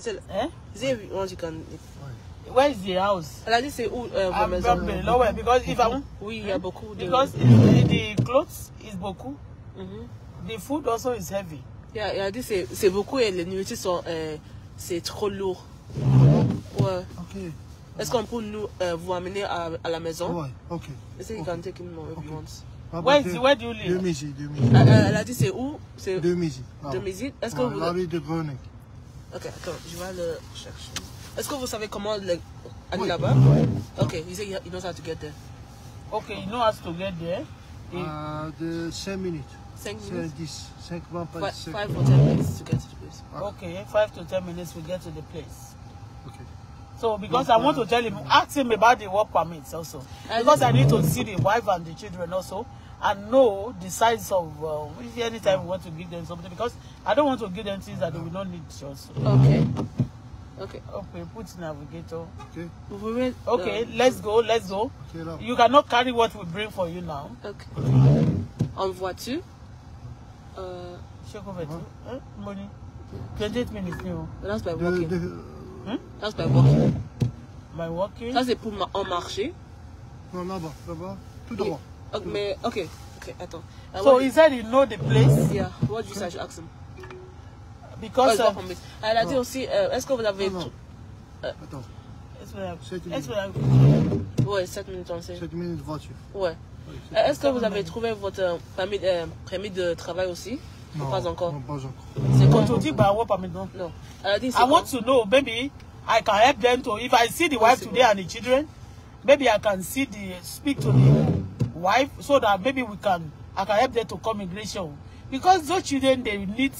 Hein? Where is the house? Elle a dit c'est où euh, vos maisons? Lower, because if I'm... Mm-hmm. Mm-hmm. Oui, il y a beaucoup de... Because the, the clothes is beaucoup. Mm -hmm. The food also is heavy. Yeah, elle a dit c'est c'est beaucoup et les nourritures sont euh, c'est trop lourd. Ouais. Okay. Est-ce qu'on peut nous euh, vous amener à, à la maison? Ouais. Okay. Est-ce qu'il can take him if okay. you want? Ah, where, bah, is, where do you live? Deux Miji, deux Elle, a dit c'est où? C'est deux Deux Est-ce que ah, vous? La rue de Grenoble. Ok, attends, je vais le chercher. Est-ce que vous savez comment là-bas? Ok, how to get there. Ok, you know how to get there. Uh, the 5 minutes. 5 minutes? 5 10 minutes to get to the place. Uh, ok, 5 to 10 minutes we get to the place. Ok. So, because I want to tell him, ask him about the work permits also. Because I need to see the wife and the children also. and know the size of uh, if anytime we want to give them something because I don't want to give them things that they will not need also. Okay. Okay. Okay, put navigator. Okay. okay, let's go, let's go. Okay, you cannot carry what we bring for you now. Okay. En voiture. Uh, check over hein? Money. 28 minutes. That's by walking. Hmm? That's by walking. By walking. That's c'est pour ma en marché. Non, là-bas, là-bas, tout devant. Okay, ok, ok, attends. Uh, so he said you know the place. Yeah. What you say? Je ask him. Because. Oh, um, ah, Elle a dit aussi. Euh, est-ce que vous avez. Non, non. Euh, attends. Est-ce que vous avez. Ouais, 7 minutes on sait. 7 minutes voiture. Ouais. Euh, est-ce que vous avez trouvé votre permis, permis de travail aussi? Non, pas encore. Non, pas encore. C'est quand on dit bah ouais permis non. Non. Elle a dit. I want to know, baby. I can help them to. If I see the wife today and the children, maybe I can see the speak to the wife so that maybe we can I can help them to come immigration because those children they need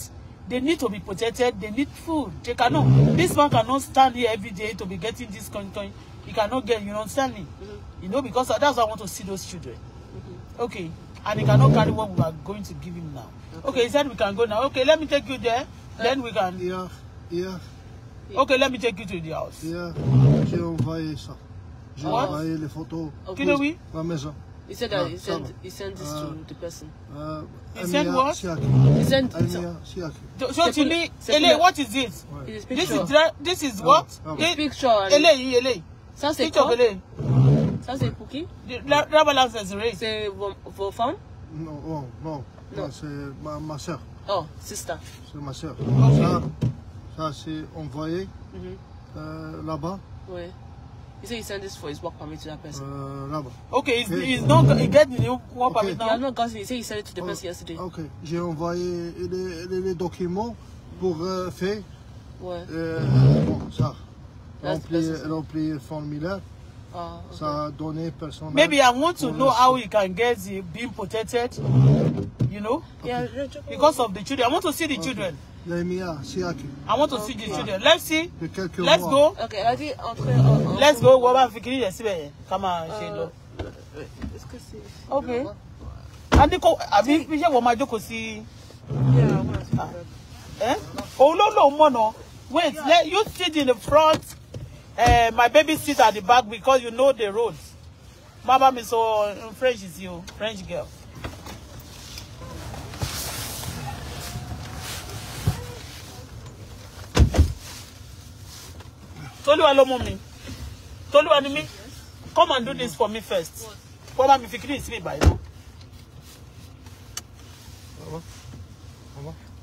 they need to be protected they need food they cannot this man cannot stand here every day to be getting this country he cannot get you know understand me mm -hmm. you know because that's why I want to see those children mm -hmm. okay and he cannot carry what we are going to give him now okay, okay he said we can go now okay let me take you there uh, then we can yeah yeah okay let me take you to the house yeah j'ai envoyé ça j'ai envoyé les photos qui oui la maison Il said ah, that qu'il he sent ça sent this Il to uh, the person. Uh, he sent what? Shiaki. He sent what is this? this is this is oh, what? Oh. Ça c'est quoi? Ça c'est pour qui? La, la C'est vos femmes? Oh, non, non, c'est ma, ma soeur. Oh, sister. C'est ma soeur. Ça, ça c'est envoyé mm-hmm. euh, là-bas. Oui. Il say you send this for his work permit to that person. Uh, Okay, not, uh, get work permit now. j'ai envoyé les, les, documents pour euh, faire. Ouais. Euh, ça. formulaire. Ah, ça a donné personne. Maybe I want to know how he can get the being protected, you know, yeah, because of the children. I want to see the children. Jeremiah, Siaki. I want to okay. see the children. Let's see. Let's go. Okay, vas-y, entrez. En, en, Let's go. On va finir les sibes. Kama uh, ṣe lọ. Est-ce que c'est. Okay. Adiko, àbí iṣẹ́ wo máa ah. Eh? Oh, no, no, no, no. Wait, let you sit in the front. Uh, my baby sits at the back because you know the roads. Mama mi so French is you, French girl. tolúwa ló mú mi tolúwa ni mí come and do this for me first Come bá mi fi kíni ìsinmi ìbàyẹ̀ náà.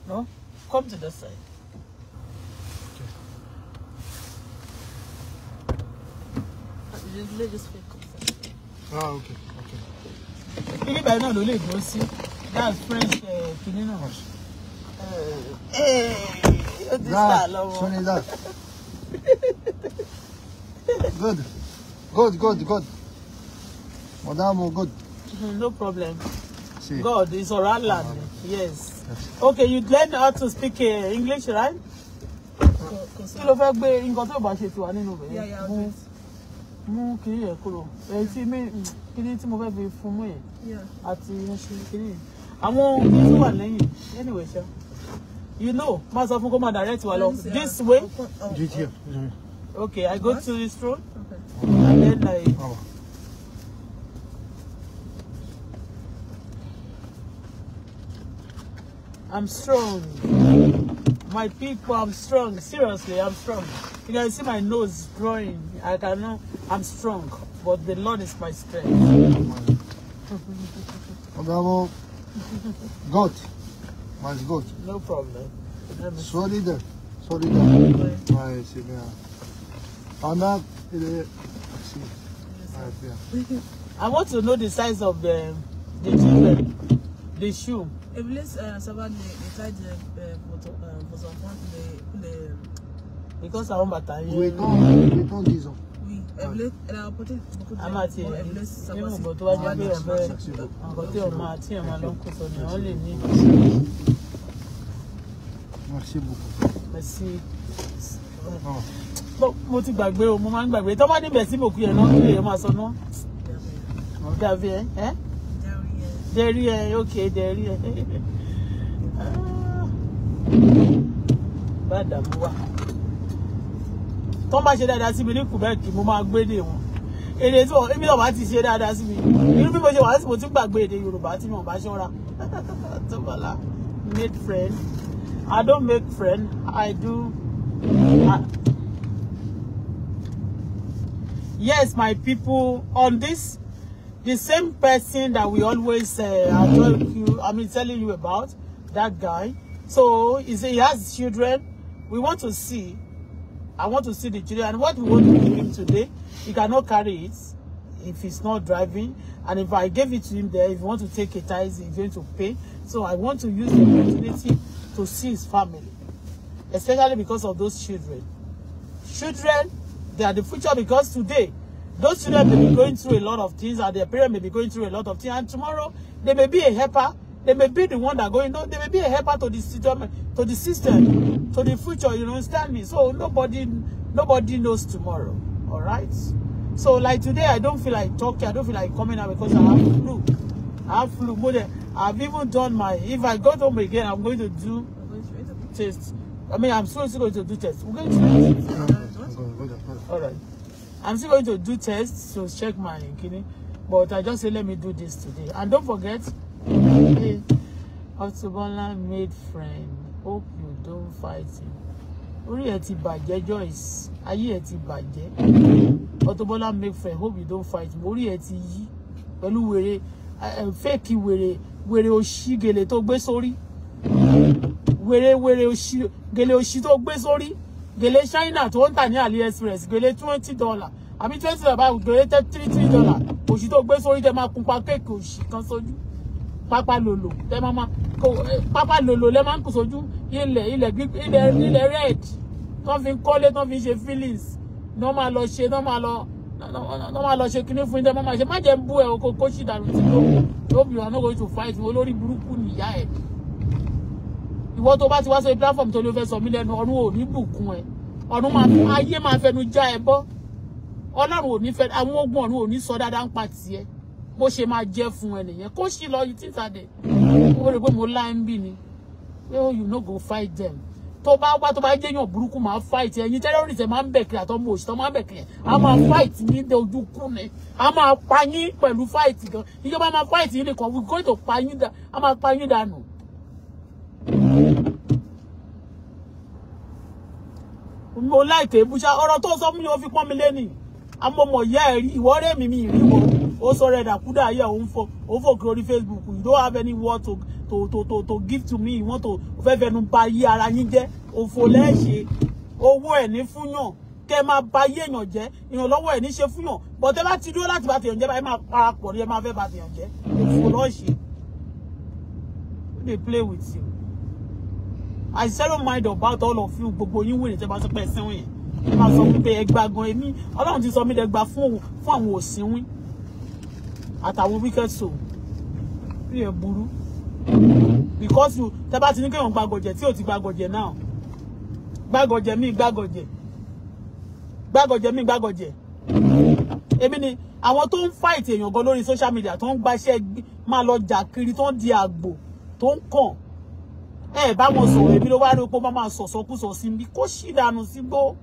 No, come to this side. ilé just fẹ́ kọ́ sẹ́yìn. ah okay okay. ibi ìbàyẹ̀ náà ló lè dúró sí that's french eh, kìnínní náà. ee eh, eh, ó ti sá lọ́wọ́ good. Good, good, good. Madam, oh, good. No problem. See. God is our land. Uh, yes. yes. Okay, you learn how to speak uh, English, right? Kí ló fẹ́ gbé nǹkan tó bá ṣe ti wà nínú bẹ̀rẹ̀? Mú mú kiri yẹn kúrò. Èyí tí mi kiri tí mo fẹ́ fi fún mú yẹn àti kiri Anyway, sir you know má sọ fún kó máa direct wa lọ this way okay i go to this road and then i. I'm strong. My people, I'm strong. Seriously, I'm strong. You can see my nose growing. I cannot, I'm strong, but the Lord is my strength. God. Mas good. No problem. Solide. Solide. Vai, Silvia. Ana, ele... I want to know the size of the, the children, the shoe. Evelyn's uh, servant, they tied the for some point, the... Because ça va m'attaquer. Oui, quand, quand disons. a máa ti ẹ̀ nínú ìbò tó wájú pé ẹ̀fẹ́ nǹkan tí ọmọ àti ẹ̀mọ́ ló ń kó sọ ni wọ́n lè ní ìbò. Merci beaucoup. Merci. Bon, mo ti gbàgbé o, mo Bagbe. ń gbàgbé. Tó bá dé bẹ̀ sí mo kú yẹn náà, kí lèèyàn máa sọ náà. Dàbí ẹ. Dẹ̀rí ẹ, ok, dẹ̀rí ẹ. Bá dàmú wá. Tó bá ṣe dáadáa sí mi ní Quebec, mo máa gbé dè wọn. Èdè tí wọ́n, èmi náà bá ti ṣe me sí mi. Irú bí mo ṣe wà sí mo ti gbàgbé èdè Yorùbá tí mo bá ṣọ́ra. Tó bá made friend. I don't make friends. I do. I, yes, my people, on this, the same person that we always uh, I told you, I mean, telling you about, that guy. So he has children. We want to see. I want to see the children. And what we want to give him today, he cannot carry it if he's not driving. And if I gave it to him there, if you want to take a tithe, he's going to pay. So I want to use the opportunity to see his family, especially because of those children. Children, they are the future because today, those children may be going through a lot of things and their parents may be going through a lot of things. And tomorrow, they may be a helper. They may be the one that going on. They may be a helper to the system, to the system, to the future. You understand me? So nobody, nobody knows tomorrow. All right. So like today, I don't feel like talking. I don't feel like coming out because I have to do have flu more than I've even done my if I got home again I'm going to do test I mean I'm still, going to do test we're going to do test. all right I'm still going to do tests to check my kidney but I just say let me do this today and don't forget hey auto made friend hope you don't fight him orí ẹ ti bàjẹ́ Joyce ayé ẹ ti bàjẹ́ auto make friend hope you don't fight him orí ẹ ti yí pẹ̀lú fake wèrè wèrè òṣì gèlè tó gbé sórí wèrè wèrè òṣì gèlè òṣì tó gbé sórí gèlè China tó ń tà ní AliExpress gèlè twenty dollar àbí twenty dollar báyìí gèlè three three dollar òṣì tó gbé sórí tẹ máa kun pa kéèkì òṣì kan sójú pápá lòlò tẹ máa máa kó pápá lòlò lẹ máa ń kùn sójú ilẹ̀ ilẹ̀ ilẹ̀ ilẹ̀ red tán fi ń kọ́lé tán fi ṣe feelings ní wọ́n máa lọ ṣe ní wọ́n máa lọ. No, wọ́n máa lọ ṣe kíní fún ìdẹ́ máa ṣe má jẹ́ bú ẹ̀ oko kó ṣì dànù tí ló ló bìrọ̀ náà going to fight wọn olórí burúkú nìyá ẹ̀ ìwọ tó bá ti wá sórí platform to ló fẹ́ sọ mí lẹ́nu ọ̀run ò ní bùkún ẹ̀ ọ̀run máa fún ayé máa fẹnu já ẹ bọ́ ọlọ́run ò ní fẹ́ àwọn ogun ọ̀run ò ní sọ dáadáa ń pa tiẹ̀ bó ṣe máa jẹ́ fún ẹ nìyẹn kó ṣì lọ yìí títà dẹ̀ ó rè pé mo láì ń bì ni pé oh you no go fight them tó gba wá burúkú ma fight ẹ̀yin terrorist ẹ̀ máa ń kiri ma òṣì tó kiri a ma mm. fight ma dé ni a ma pa yín pẹ̀lú fight gan ìjọba máa fight yín nìkan we going to pa yín dànù a máa pa yín dànù. mo láìpẹ́ o fi pọ́n mi lẹ́nìí amọ̀mọ̀ ìyá ẹ̀ rí mi mi kiri to to to to give to me to tó fẹ́ fẹnu ba yí ara yín jẹ́ òfò lẹ́ẹ̀ṣẹ̀ owó ẹ̀ ní fúnyàn kẹ máa ba yé èèyàn jẹ ìrànlọ́wọ́ ẹ̀ ní ṣe fúnyàn bọ̀tẹ́ bá ti dúró láti bá tèèyàn jẹ́ báyìí máa parapọ̀ ní ẹ máa fẹ́ bá tèèyàn jẹ́ òfò lọ́ọ̀ṣẹ̀ they play with you I zero mind about all of you gbogbo yín wèrè tẹ́ bá sọ pé ẹ̀sìn wọ̀nyẹn ẹ máa sọ wípé ẹ gba gan èmi Ọlọ́run ti sọ mí dẹgba fún àwọn òsínwín àtàwọn wicked soul bí ẹ burú because you tẹ́ bá ti ní kéèyàn gbàgọ̀jẹ̀ tí ò ti gbàgọ̀jẹ̀ náà gbàgọ̀jẹ̀ mi gbàgọ̀jẹ̀ gbàgọ̀jẹ̀ mi gbàgọ̀jẹ̀ èmi ni àwọn tó ń fight èèyàn gan lórí social media tó ń gbaṣẹ́ máa lọ jà kiri tó ń di àgbò tó ń kàn ẹ bá wọn sọ̀rọ̀ èmi ló wá rí pé ó máa sọ̀sọ́kúsọ sí mi kó ṣì dànù sí gbó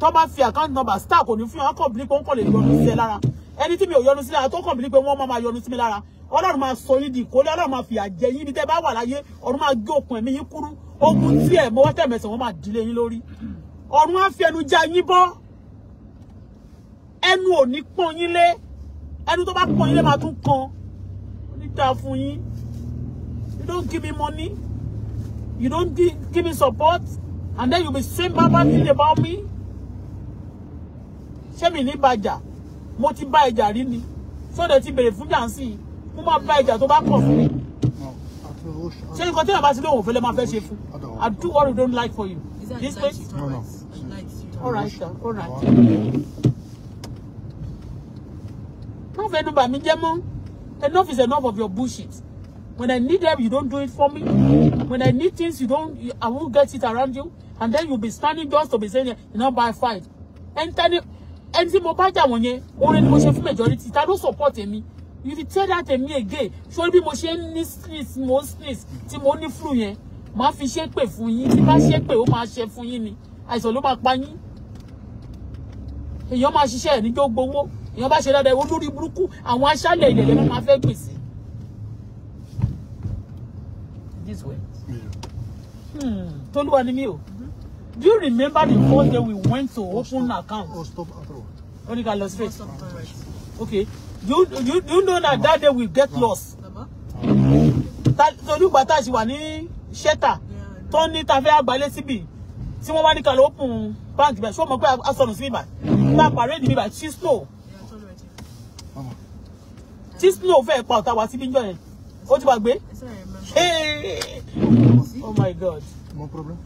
tó bá fi account number star kò ní fún wọn kàn bí pé ó ń kàn lè yọnu sí ẹ lára ẹni tí mi ò yọnu sí lára tó kàn bí pé wọ́n máa yọnu sí mi Lara ọlọ́run máa sọ yín di ìkólé ọlọ́run máa fìyà jẹ yín ibi tẹ́ bá wà láyé ọ̀run máa gé òkun ẹ̀mí yín kúrú ogun tí ẹ̀ mọ́wọ́ tẹ̀mẹsẹ̀ wọ́n máa dilé yín lórí ọ̀run á fi ẹnu já yín bọ́ ẹnu ò ní pọ́n yín lé ẹnu tó bá pọ́n yín lé máa tún kan níta fún yín you don't give me money you don't give me support and then you be saying baba thing about me ṣé mi ní bàjà mo ti bá ẹjà rí ni sódẹ̀ ti bèrè fún jàǹsì yìí mo máa bá ìjà tó bá pọ̀ fún mi. ṣé nǹkan tí bàbá ti lóun òfin lè máa fẹ́ ṣe fún I do what you don't like for you. This place? No, no. All right, sir. All right. Má fẹnu bà mí jẹ́ mọ́. Enough is enough of your bullshit. When I need help, you don't do it for me. When I need things, you don't. You, I won't get it around you, and then you'll be standing just to be saying, "You know, by fight." And then, and the mobile one, only the majority. I don't support me you tell that to me again ṣé bí mo ṣe ń ní sneeze mo sneeze tí mo ní flu yẹn màá fi ṣépè fún yín tí bá ṣépè ó máa ṣe fún yín ni àìsàn ló máa pa yín èèyàn máa ṣiṣẹ́ ẹ̀ níjó gbowó èèyàn bá ṣe dáadáa ìwọ lórí burúkú àwọn aṣálẹ̀ ilẹ̀ lẹ́nu máa fẹ́ gbèsè. this way. Hmm. Tolúwa ni mí o. Do you remember the first day we went to open account? Oh, stop abroad. Oníkà lọ straight. Okay you you you know that that day we get lost torí ìgbà tá a ṣì wà ní ṣẹ́tà tó ní ta fẹ́ àgbálẹ̀ síbi tí wọ́n wá ní kàlọ́ òpin báńkì bẹ̀ ṣé o mọ̀ pé a sọnù sí ibà tá a pàrọ̀ èdè ibà tí snow tí snow fẹ́ pa ọ̀tá wa síbí njọ́ yẹn ó ti gbàgbé oh my god. no problem.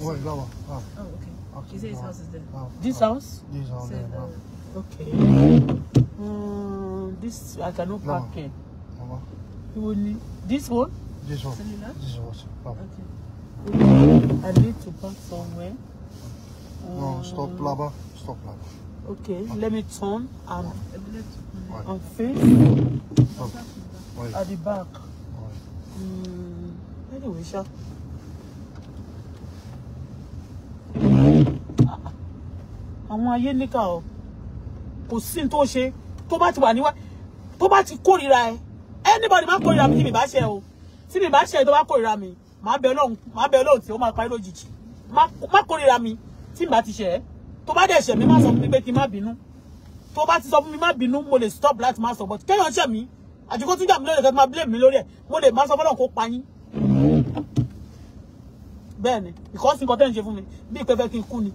Where is that one? Oh, okay. Oh, ah, okay. his house is there. This house? This house. Okay. Mm, this I cannot no. it. No. You need this one? This one. This one. No. Okay. I need to pack somewhere. No, um, stop lava. Stop lava. Okay, okay, let me turn and, right. and face Right. at the back. Right. Mm, anyway, sure. Ah, ah. àwọn ayé níkà o kò sí ní tó ṣe tó bá ti wà níwá tó bá ti kórìíra ẹ anybody má kórìíra mi tí mi bá ṣe o tí mi bá ṣe tó bá kórìíra mi má bẹ Ọlọ́run má bẹ Ọlọ́run tí ó máa parí lójijì má kórìíra mi tí mi bá ti ṣe ẹ tó bá dẹ̀ ṣe mi má sọ fún mi pé kí n má bínú tó bá ti sọ fún mi má bínú mo lè stop láti má sọ but kéèyàn ṣe mi àjùkọ́ tún jà mí lórí ẹ̀ka tó máa blame mi lórí ẹ̀ mo lè má sọ fọlọ́n kó pa yín bẹ́ẹ̀ ni because nǹkan tẹ́ ń ṣe fún mi bí ìpẹ́fẹ́ kí n kú ni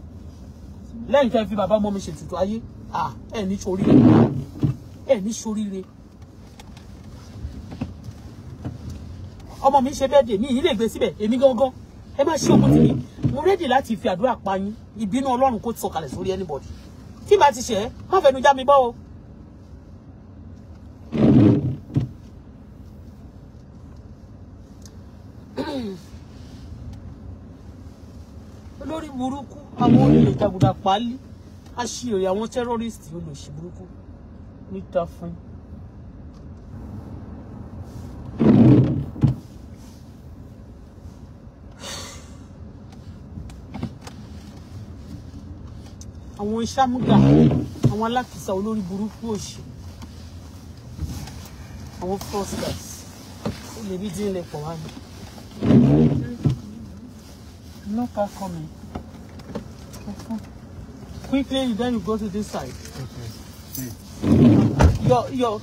lẹ́yìn tẹ́ fi bàbá ọmọ mi ṣètùtù ayé ẹ ní ṣoríire ẹ ní ṣoríire ọmọ mi ṣe bẹ́ẹ̀ dè mí yìí lè gbé síbẹ̀ èmi gangan ẹ má ṣe òkú tì mí mo rédì láti fi àdúrà pa yín ìbínú ọlọ́run kó sọ̀kalẹ̀ sórí anybody tí bá ti ṣe ẹ́ má fẹnu já mi bọ́ o. olórí burúkú àwọn olè jàgùdà pálí aṣèrè àwọn tẹ́rọ́rìstì olóṣì burúkú níta fún. àwọn ṣámúgà àwọn alákìsà olórí burúkú òṣì àwọn frosters ó lè rí dín lẹ́pọ̀ wá ní. no car coming quickly, then you go to this side. Okay. Yeah. Your, your,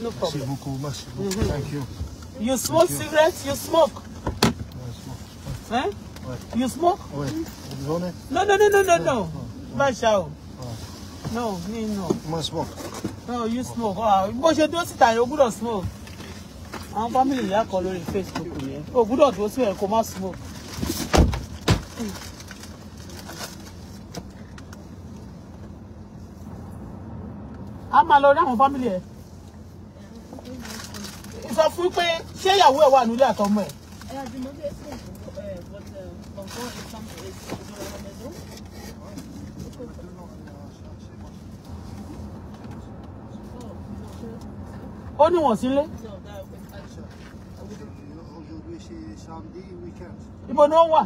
no problem. Merci beaucoup, merci beaucoup. Mm -hmm. Thank you. You smoke Thank cigarettes? You. Eh? you smoke? I smoke. Hein? Ouais. You smoke? Oui. Vous No, no, no, no, no, non, oh, non, non. Oh. Machao. Oh. No, me no. I smoke. No, you smoke. Ah, but you don't sit yẹn, you don't smoke. I'm family I kọ lórí Facebook Oh, good. I don't sí ẹ̀ kó má smoke. Mm. wàá máa lọ rí àwọn fámìlì ẹ̀ sọ fún pé ṣé ìyàwó ẹ̀ wà nílé àtọmọ ẹ̀. ó ní wọn sílé. ibo ni ó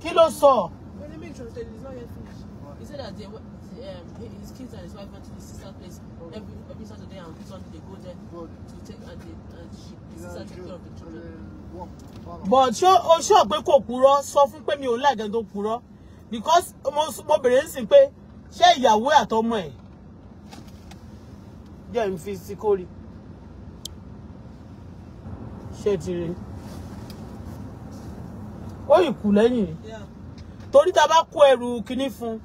kí ló sọ. So? He's not yet finished. He said that they, um, his kids and his wife went to his sister's place okay. every, every Saturday and Sunday. They go there Good. to take and, they, and she, his sister take care of the children. But ṣé o ṣe pé kò purọ́ sọ fún pé mi ò láì tó purọ́ because mo bèrè ń sìn pé ṣé ìyàwó àtọmọ ẹ̀ jẹ́ ń fi sí kórì ṣé ti rí ó ìkù lẹ́yìn Yeah torí tá a bá kó ẹrù kinní fún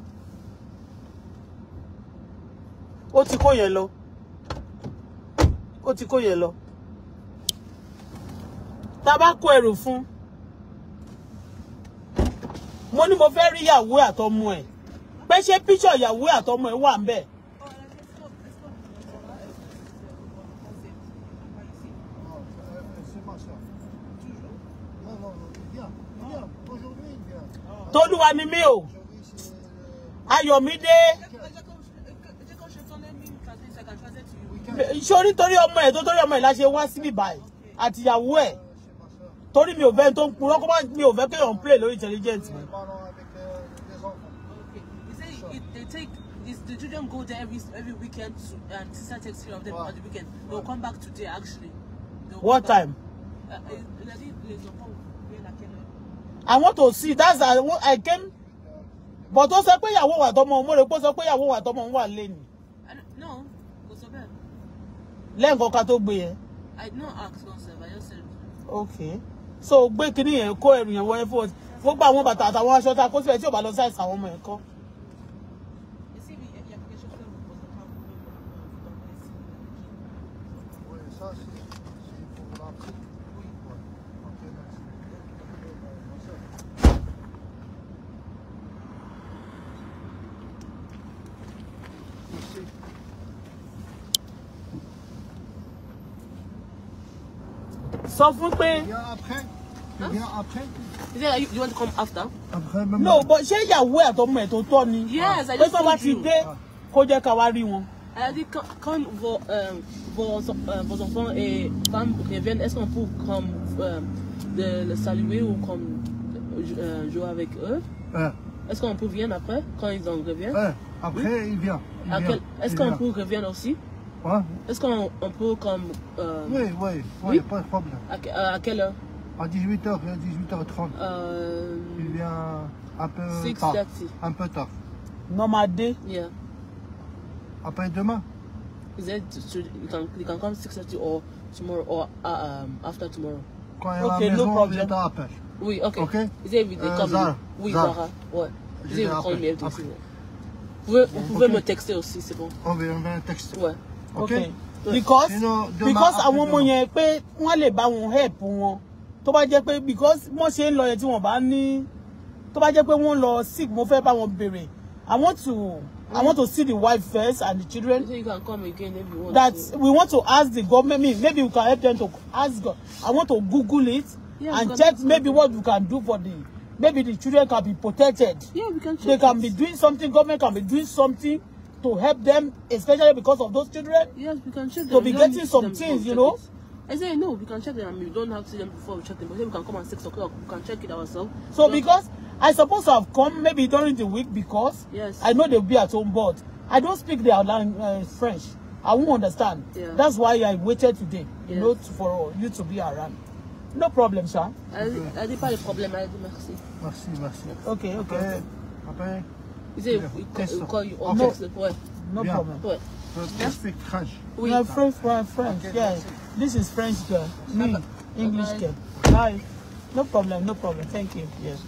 ó ti kó yẹn lọ ó ti kó yẹn lọ tá a bá kó ẹrù fún mo ní mo fẹ́ rí ìyàwó àtọmọ ẹ̀ pé ṣé píṣọ̀ ìyàwó àtọmọ ẹ̀ wà ń bẹ̀. wa ni mí o Ayọ̀mídé sórí torí ọmọ ẹ̀ tó torí ọmọ ẹ̀ la ṣe wá síbí báyìí àtìyàwó ẹ̀ torí mi ò fẹ́ tó ń purọ́ kó má mi ò fẹ́ kéèyàn play lórí intelligent mi. the children go there every every weekend to, and sister takes care of them on the weekend. They'll come back today actually. They'll what time? Back. Uh, I want to see that's I, I came but ó sọ pé ìyàwó wà tọmọ mo rò pé ó sọ pé ìyàwó wà tọmọ wà lẹ́nu. no kò sọ bẹ́ẹ̀. lẹ́ǹkan ká tó gbé yẹn. I no ask myself I just said. okay so gbé kinní yẹn kó ẹrù yẹn wọ airport gbogbo àwọn bàtà àtàwọn aṣọ tá a kó síbẹ̀ tí ò bá lọ sáìsì àwọn ọmọ yẹn kọ́. sọ fún pé. Is it like you, you want to come after? Après, no, but ṣé ya ẹ̀ àtọmọ ẹ̀ tó tọ́ ni. Yes, I just told you. Pé tó bá ti dé, kó Elle dit quand, vos, vos, euh, vos enfants et femmes reviennent, est-ce qu'on peut comme, euh, um, de, le saluer ou comme euh, jouer avec eux Ah. Est-ce qu'on peut venir après, quand ils en reviennent eh, Après, oui? viennent vient. Est-ce qu'on peut revenir aussi Hein? Est-ce qu'on on peut comme... Euh... Oui, oui, oui, oui? pas de problème. À, euh, à quelle heure À 18h, 18h30. Euh... Il vient un peu Six tard. Taxi. Un peu tard. Nomadé Yeah. Après demain Is it, you, can, you can come 6.30 or tomorrow or uh, um, after tomorrow. Quand il okay, no problem. Appel. Oui, ok. Ok. Is it, they euh, come Zara. Oui, Zara. Ouais. Is it, you call me Vous pouvez, vous pouvez okay. me texter aussi, c'est bon. On va, on va texter. Ouais. okay because because àwọn ọmọ yẹn pé wọ́n lè bá wọn help wọn tó bá jẹ́ pé because wọ́n ṣe ń lọ yẹn tí wọ́n bá ní tó bá jẹ́ pé wọ́n lọ sick mo fẹ́ bá wọn béèrè i want to i want to see the wife first and the children so you can come again if you want that to. we want to ask the government maybe, maybe we can help them to ask God. i want to google it yeah, and check maybe what we can do for the maybe the children can be protected yeah we can they can be doing something government can be doing something to help them, especially because of those children? Yes, we can check them. To be getting some things, you know? I say no, we can check them and we don't have to see them before we check them. But then we can come at 6 o'clock, we can check it ourselves. So because I suppose I've come maybe during the week because yes. I know they'll be at home, but I don't speak their language, uh, French. I won't understand. Yeah. That's why I waited today, you yes. know, to, for you to be around. No problem, sir. I didn't pas a problem. elle dit merci. Merci, merci. Ok, ok. Après, après Is it we call, you or no, Mexico? What? No yeah. problem. What? we French. We are French, French, Okay, yeah. This is French girl. Me, English girl. Hi, No problem, no problem. Thank you. Yes.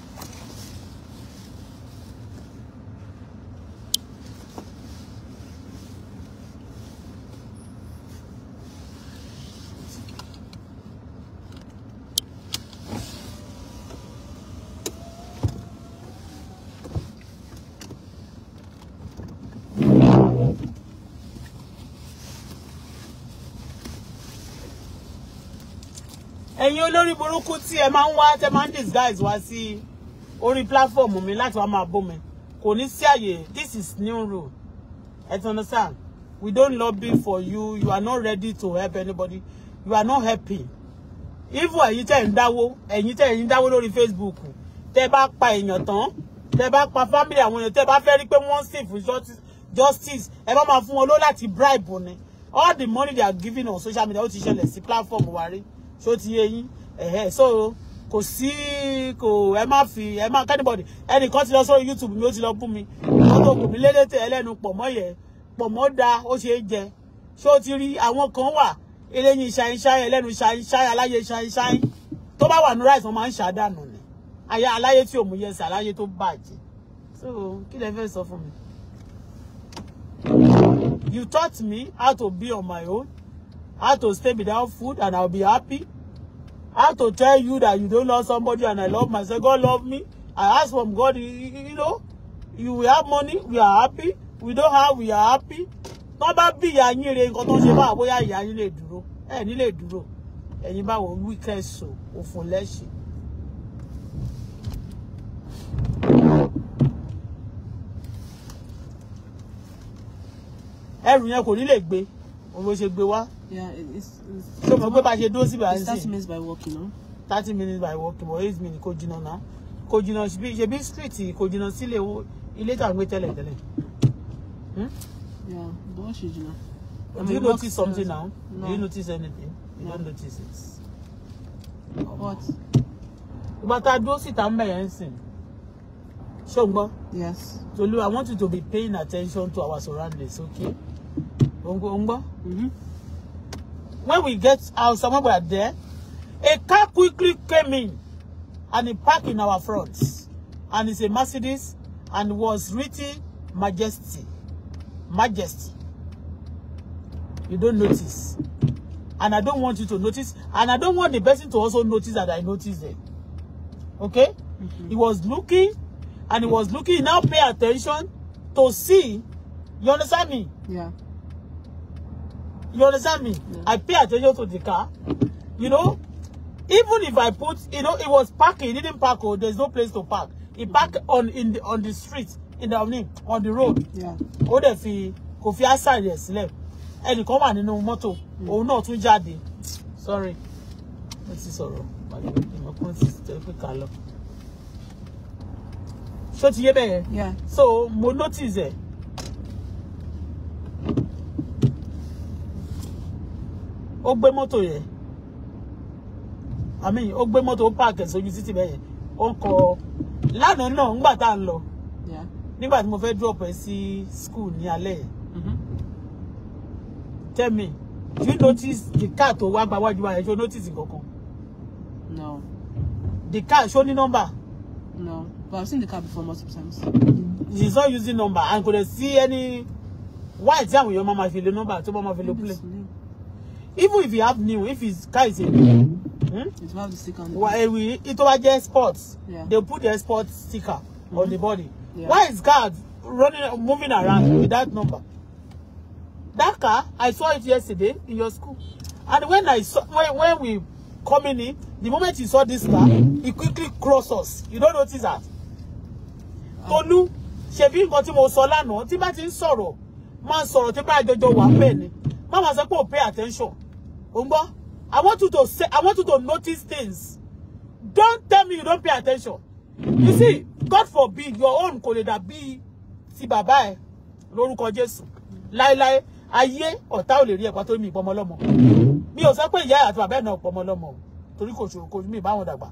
olórí burúkú tí ẹ máa ń wá tẹ máa ń disguise wá sí orí platform mi láti wá máa bó kò ní sí àyè this is new rule ẹ ti we don't lobby for you you are not ready to help anybody you are not helping even ẹ̀yin tẹ́ ń dáwó ẹ̀yin tẹ́ ń dáwó lórí Facebook tẹ́ bá pa èèyàn tán tẹ́ bá pa family àwọn èèyàn tẹ́ bá fẹ́ rí pé wọ́n sì fún justice ẹ bá máa fún wọn ló láti bribe ni all the money they are giving on social media ó ti ṣẹlẹ̀ sí platform wa rí ṣó ti yé yín ẹ̀hẹ́ so kò sí kò ẹ má fi ẹ má kẹ́nìbọ̀dì ẹnìkan ti lọ sórí youtube mi ó ti lọ bú mi wọ́n tó kù mí lélétè ẹlẹ́nu pọ̀mọ́ yẹ pọ̀mọ́ da ó ṣe é jẹ ṣó ti rí àwọn kan wà eléyìn ṣáínṣáín ẹlẹ́nu ṣáínṣáín aláyé ṣáínṣáín tó bá wà ní rice wọn máa ń ṣàdánù ni àyà aláyé tí òmù yẹsẹ̀ aláyé tó bàjẹ́ so kí lẹ fẹ́ sọ fún mi. you taught me how to be on my own how to stay without food and i will be happy how to tell you that you don't love somebody and I love myself. God love me. I ask from God, you know, you we have money, we are happy. We don't have, we are happy. Tó bá bí ìyá yín re nǹkan tó ṣe bá bóyá ìyá yín lè dúró. Ẹ ní lè dúró. Ẹ̀yin báwo wicked so òfò lẹ́sìn. Ẹrù yẹn kò ní lè gbé mo ṣe gbé wá. ṣé mo gbé bá ṣe dúró síbi àyè thirty minutes by walking o. thirty minutes by walking but eight minutes kò jìnnà náà kò jìnnà ṣe bí street kò jìnnà sílé le tá à ń gbé tẹ́lẹ̀ tẹ́lẹ̀. Hmm? Yeah, but what should you know? I mean, Do you notice something now? No. Do you notice anything? You no. don't notice it. What? But I do sit and dancing. Shogbo? Yes. So, Lou, I want you to be paying attention to our surroundings, okay? mm When we get out, when we there, a car quickly came in and it parked in our front. And it's a Mercedes and was written Majesty. Majesty. You don't notice. And I don't want you to notice. And I don't want the person to also notice that I noticed it. Okay? Mm-hmm. He was looking and he was looking. Now pay attention to see. You understand me? Yeah. You understand me? Yeah. I pay attention to the car. You know, even if I put, you know, it was parking. It didn't park. Oh, there's no place to park. It parked on in the on the street in the on the road. Yeah. Ó dẹ̀ fi kò fi outside rẹ̀ sílẹ̀. Ẹnìkan wà nínú mọ́tò. Òun náà tún jáde. Sorry. Mo ti sorry. Ìmọ̀ kan ti tẹ̀ pé ká lọ. Ṣó ti yé bẹ́ẹ̀ yẹn? So mo notice it. ó gbé mọ́tò yẹn àmì ó gbé mọ́tò ó páàkì sójú títì bẹ́ẹ̀ yẹn ó ń kọ lánàá náà ńgbà tá à ń lọ nígbà tí mo fẹ́ drop ẹ sí school ní alẹ́ mm-hmm. tell me do you notice the car tó wá gba wájú wa yẹn ṣó notice kankan. no. the car ṣó ní number? no but I've seen the car before multiple times. he's not using number and kò dẹ̀ see any why tí àwọn èèyàn máa ma fi lè nọ́mbà tó máa ma fi lè play even if you have new if his car is a new hmm? it will have the sticker on the it will it over sports yeah. they put the sport sticker mm-hmm. on the body yeah. why is car running moving around mm-hmm. with that number that car I saw it yesterday in your school and when I saw when, when we coming in the moment you saw this car he mm-hmm. quickly crossed us you don't notice that Tolu ṣebí nǹkan tí mo sọ lánàá tí bá ti ń sọ̀rọ̀ máa ń sọ̀rọ̀ tí bá àjọjọ wà pẹ́ ni má máa sọ pé pay attention Umbo, I want you to say, I want you to notice things. Don't tell me you don't pay attention. You see, God forbid your own kò lè dàbí ti bàbá ẹ lórúkọ Jésù. Láíláí ayé ọ̀tá le lè rí ẹ̀pá tó mi ìbọmọ lọ́mọ. Mi ò sọ pé ìyá àti bàbá ẹ̀ náà pọmọ lọ́mọ torí kò ṣòro kò mí ìbáwọn dàgbà.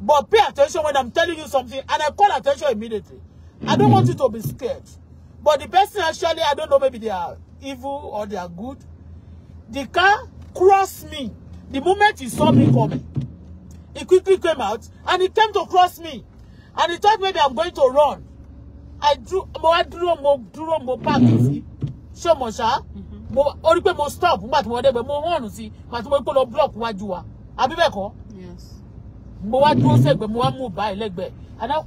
But pay attention when I'm telling you something and I call attention immediately. I don't want you to be scared. But the person actually, I don't know, maybe they are evil or they are good. The car Cross me. The moment he saw me coming, he quickly came out and he came to cross me. And he thought maybe I'm going to run. I drew, mo wá dúró, mo dúró, mo park mm-hmm. sí. Show mm-hmm. mo ṣá? Mo orí pé mo stop but whatever more débẹ̀, mo hàn sí, nígbà tí mo pé lọ block wájú wa. Àbí bẹ́ẹ̀ kọ́? Yes. Mo wá say, but mo move by leg, lẹ́gbẹ̀ẹ́. And I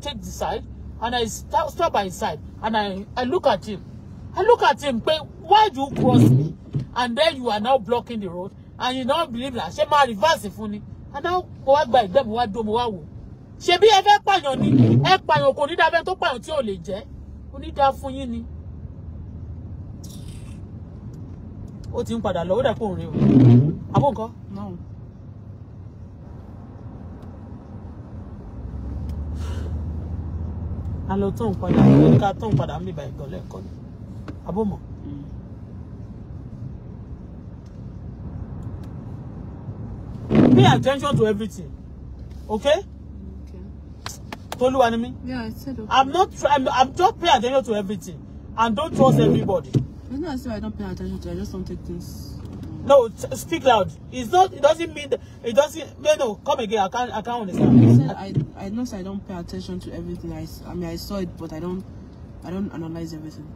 take the side and I stop by his side and I, I look at him. I look at him but why do you cross me? and then you are now blocking the road and you don't believe that ṣé máa reverse fún ni and now mo wá gba ìgbẹ́ mo wá dó mo wá wò ṣebí ẹ fẹ́ pààyàn ni ẹ pààyàn kò ní dábẹ́ tó pààyàn tí ò lè jẹ́ onídàá fún yín ni. ó ti ń padà lọ ó dà pé òun rè o àbó nǹkan. a lọ tó ń padà ká tó ń padà ń bíbá ìgbọ́lẹ̀ ẹ̀kọ́ ni àbó mọ̀. Pay attention to everything. Okay? Okay. Toluwa ni mi? Yeah, I said okay. I'm not I'm, I'm just pay attention to everything. And don't trust mm. everybody. It's not as if I don't pay attention to it. I just don't take things. No, speak loud. It's not. It doesn't mean. That, it doesn't. No, no. Come again. I can't. I can't understand. I said I. I know. I don't pay attention to everything. I. I mean, I saw it, but I don't. I don't analyze everything.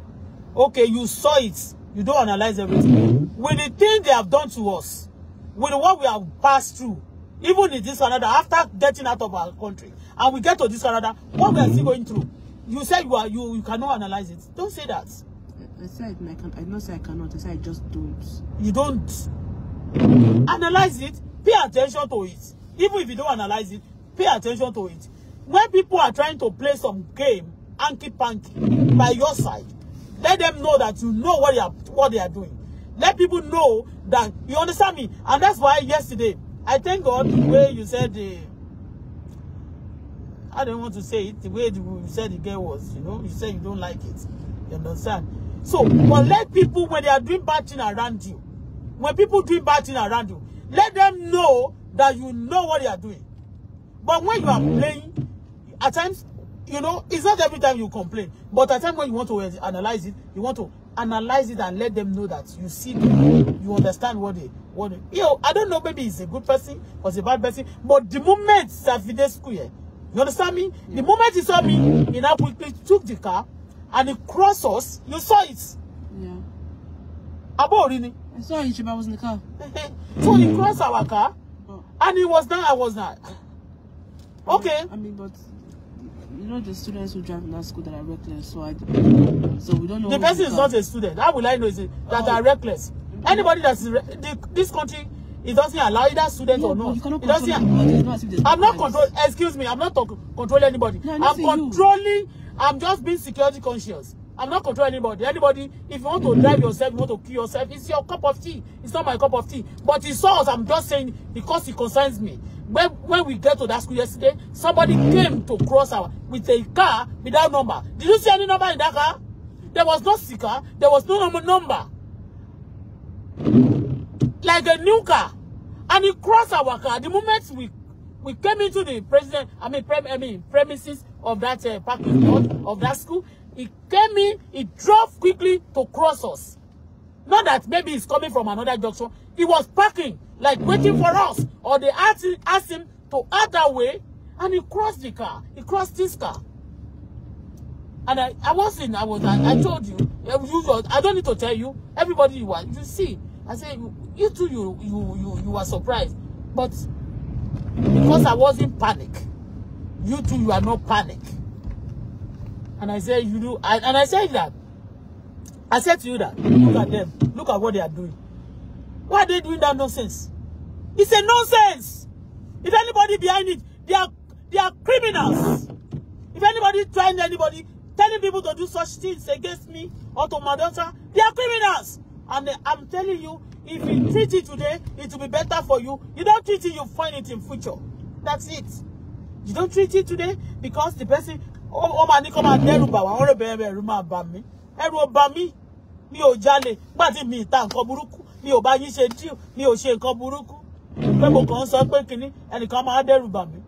Okay, you saw it. You don't analyze everything. Mm-hmm. With the thing they have done to us, with what we have passed through, even in this Canada, after getting out of our country, and we get to this Canada, what we are still mm-hmm. going through, you said you are you you cannot analyze it. Don't say that. I, I said I can. I not say I cannot. I said I just don't. You don't mm-hmm. analyze it. Pay attention to it. Even if you don't analyze it, pay attention to it. When people are trying to play some game, anky panky, by your side, let them know that you know what they are what they are doing. Let people know that you understand me. And that's why yesterday, I thank God the way you said the. I don't want to say it. The way you said the girl was, you know, you said you don't like it. You understand? So, but let people, when they are doing bad thing around you, when people doing bad thing around you, let them know that you know what they are doing. But when you are playing, at times, you know, it's not every time you complain. But at times when you want to analyze it, you want to analyze it and let them know that you see them, you understand what they what they, you I don't know, maybe he's a good person or he's a bad person, but the moment Safide Square, you understand me? Yeah. The moment he saw me, he now quickly took the car and he crossed us, you saw it. Yeah. About really? I saw it, I was in the car. so he mm. crossed our car and he was there, I was there. Okay. I mean, but you know the students who drive in that school that are reckless. So I, so we don't know. The person is not a student. How will I know is it, that oh. are reckless? Anybody that's the, this country, it doesn't allow either student no, or not. It doesn't. Not I'm not control. Excuse me. I'm not controlling anybody. No, I'm controlling. You. I'm just being security conscious. I'm not controlling anybody. Anybody, if you want to drive yourself, you want to kill yourself, it's your cup of tea. It's not my cup of tea. But it's ours. I'm just saying because it concerns me when, when we get to that school yesterday, somebody mm. came to cross our with a car without number. Did you see any number in that car? There was no sticker. There was no number. Like a new car. And he crossed our car. The moment we we came into the president, I mean, prem, I mean premises of that uh, parking lot mm. of that school, he came in, he drove quickly to cross us. Not that maybe he's coming from another junction. He was parking, like waiting for us. Or they asked, asked him to add that way, and he crossed the car. He crossed this car. And I, I was in, I was, I, I told eh, you, you, I don't need to tell you, everybody you are, you see. I said, you, you too, you, you, you, you were surprised. But because I was in panic, you too, you are not panic. And I said, you do, I, and I said that. I said to you that, look at them, look at what they are doing. Why are they doing that nonsense? It's a nonsense. If anybody behind it, they are they are criminals. If anybody trying anybody, telling people to do such things against me or to my daughter, they are criminals. And I'm telling you, if you treat it today, it will be better for you. You don't treat it, you find it in future. That's it. You don't treat it today because the person, oh, my Nico, my Deruba, I want to be a room about me. Ẹ̀rù bà mí, mi ò jalè, but me, thank you mi ò bá yín ṣe díò mi ò ṣe nǹkan burúkú pé mo kàn ń sọ pé kinní ẹnìkan máa dẹ́rù bà mí.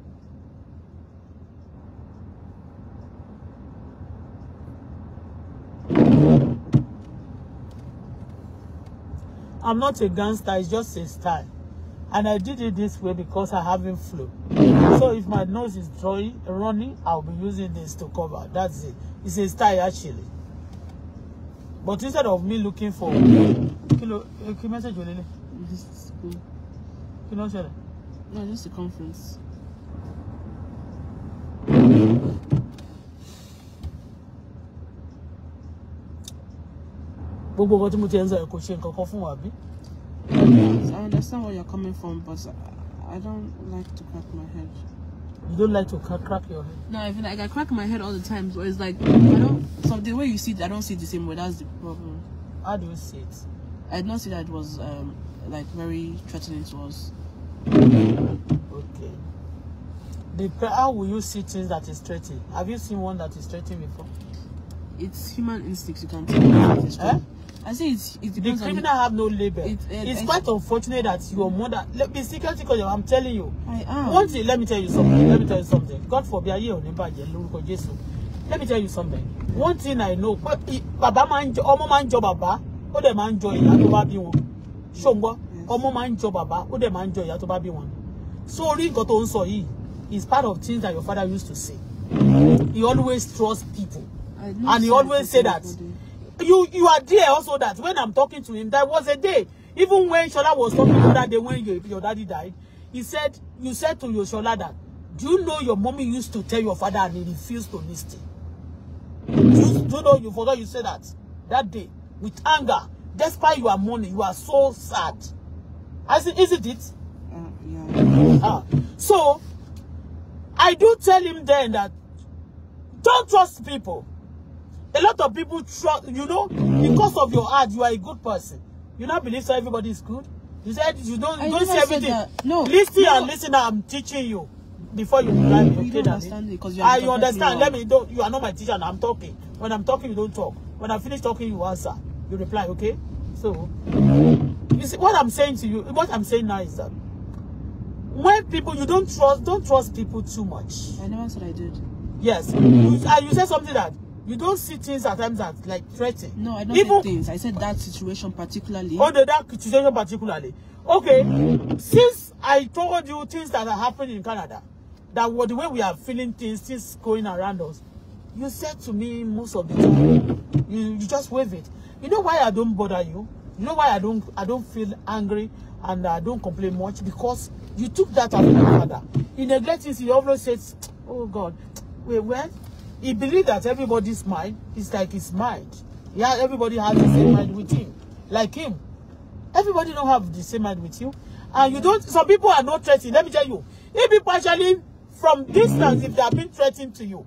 I'm not a gangster, it's just a style. And I did it this way because I haven't flu. So if my nose is drawing, running, I'll be using this to cover. That's it. It's a style actually. But instead of me looking for kilo eh, kí message olele. This is cool. Kí ló ṣẹlẹ̀? No, is a conference. Gbogbo nǹkan tí mo ti ẹ̀ ń sọ kò ṣe nǹkan kan I understand where you're coming from, but I don't like to crack my head. You don't like to crack, your head? No, I feel like I crack my head all the time. So it's like, I don't, so the way you see it, I don't see it the same way. That's the problem. How do you see it? I did not see that it was um, like very threatening to us. Okay. The, how will you see things that is threatening? Have you seen one that is threatening before? It's human instincts. You can tell. Eh? I say it's, it The criminal on, have no label. It, uh, it's I, eh, quite unfortunate that your mother, let me secretly because I'm telling you. I am. One thing, let me tell you something. Let me tell you something. God forbid, ayé ò ní bàjẹ́ lórúkọ Jesus. Let me tell you something. One thing I know, Baba man ń jọ, ọmọ máa ń jọ man joy, dẹ̀ máa ń jọ ìyá tó bá bí wọn. Ṣó ń gbọ́? Ọmọ máa ń jọ bàbá, ó dẹ̀ So orí nǹkan tó ń sọ is part of things that your father used to say. He always trust people. And he always say that. Body you you are there also that when I'm talking to him, there was a day, even when Shola was talking to that day when your, your daddy died, he said, you said to your Shola that, do you know your mommy used to tell your father and he refused to listen? Do you, do you know you forgot you said that that day with anger, despite you are mourning, you are so sad. I said, isn't it? Uh, yeah. Uh, so I do tell him then that don't trust people. A lot of people trust, you know, because of your heart, you are a good person. You not believe so everybody is good? You said you don't, you don't see everything. No. Listen no. and listen, I'm teaching you. Before you reply, okay, you don't understand because you I understand. Let me don't you are not my teacher and I'm talking. When I'm talking, you don't talk. When I finish talking, you answer. You reply, okay? So you see what I'm saying to you, what I'm saying now is that when people you don't trust, don't trust people too much. I never said I did. Yes. You, ah, you said something that you don't see things at times that like threatening. No, I don't Even, see things. I said that situation particularly. Oh, the, that situation particularly. Okay, since I told you things that are happening in Canada, that what the way we are feeling things, things going around us, you said to me most of the time, you, you just wave it. You know why I don't bother you? You know why I don't I don't feel angry and I don't complain much because you took that as a father. You neglect it. You always said, "Oh God, wait, where?" He believed that everybody's mind is like his mind. Yeah, everybody has the same mind with him, like him. Everybody don't have the same mind with you. And you don't, some people are not threatening. Let me tell you, if you partially from distance, if they have been threatening to you,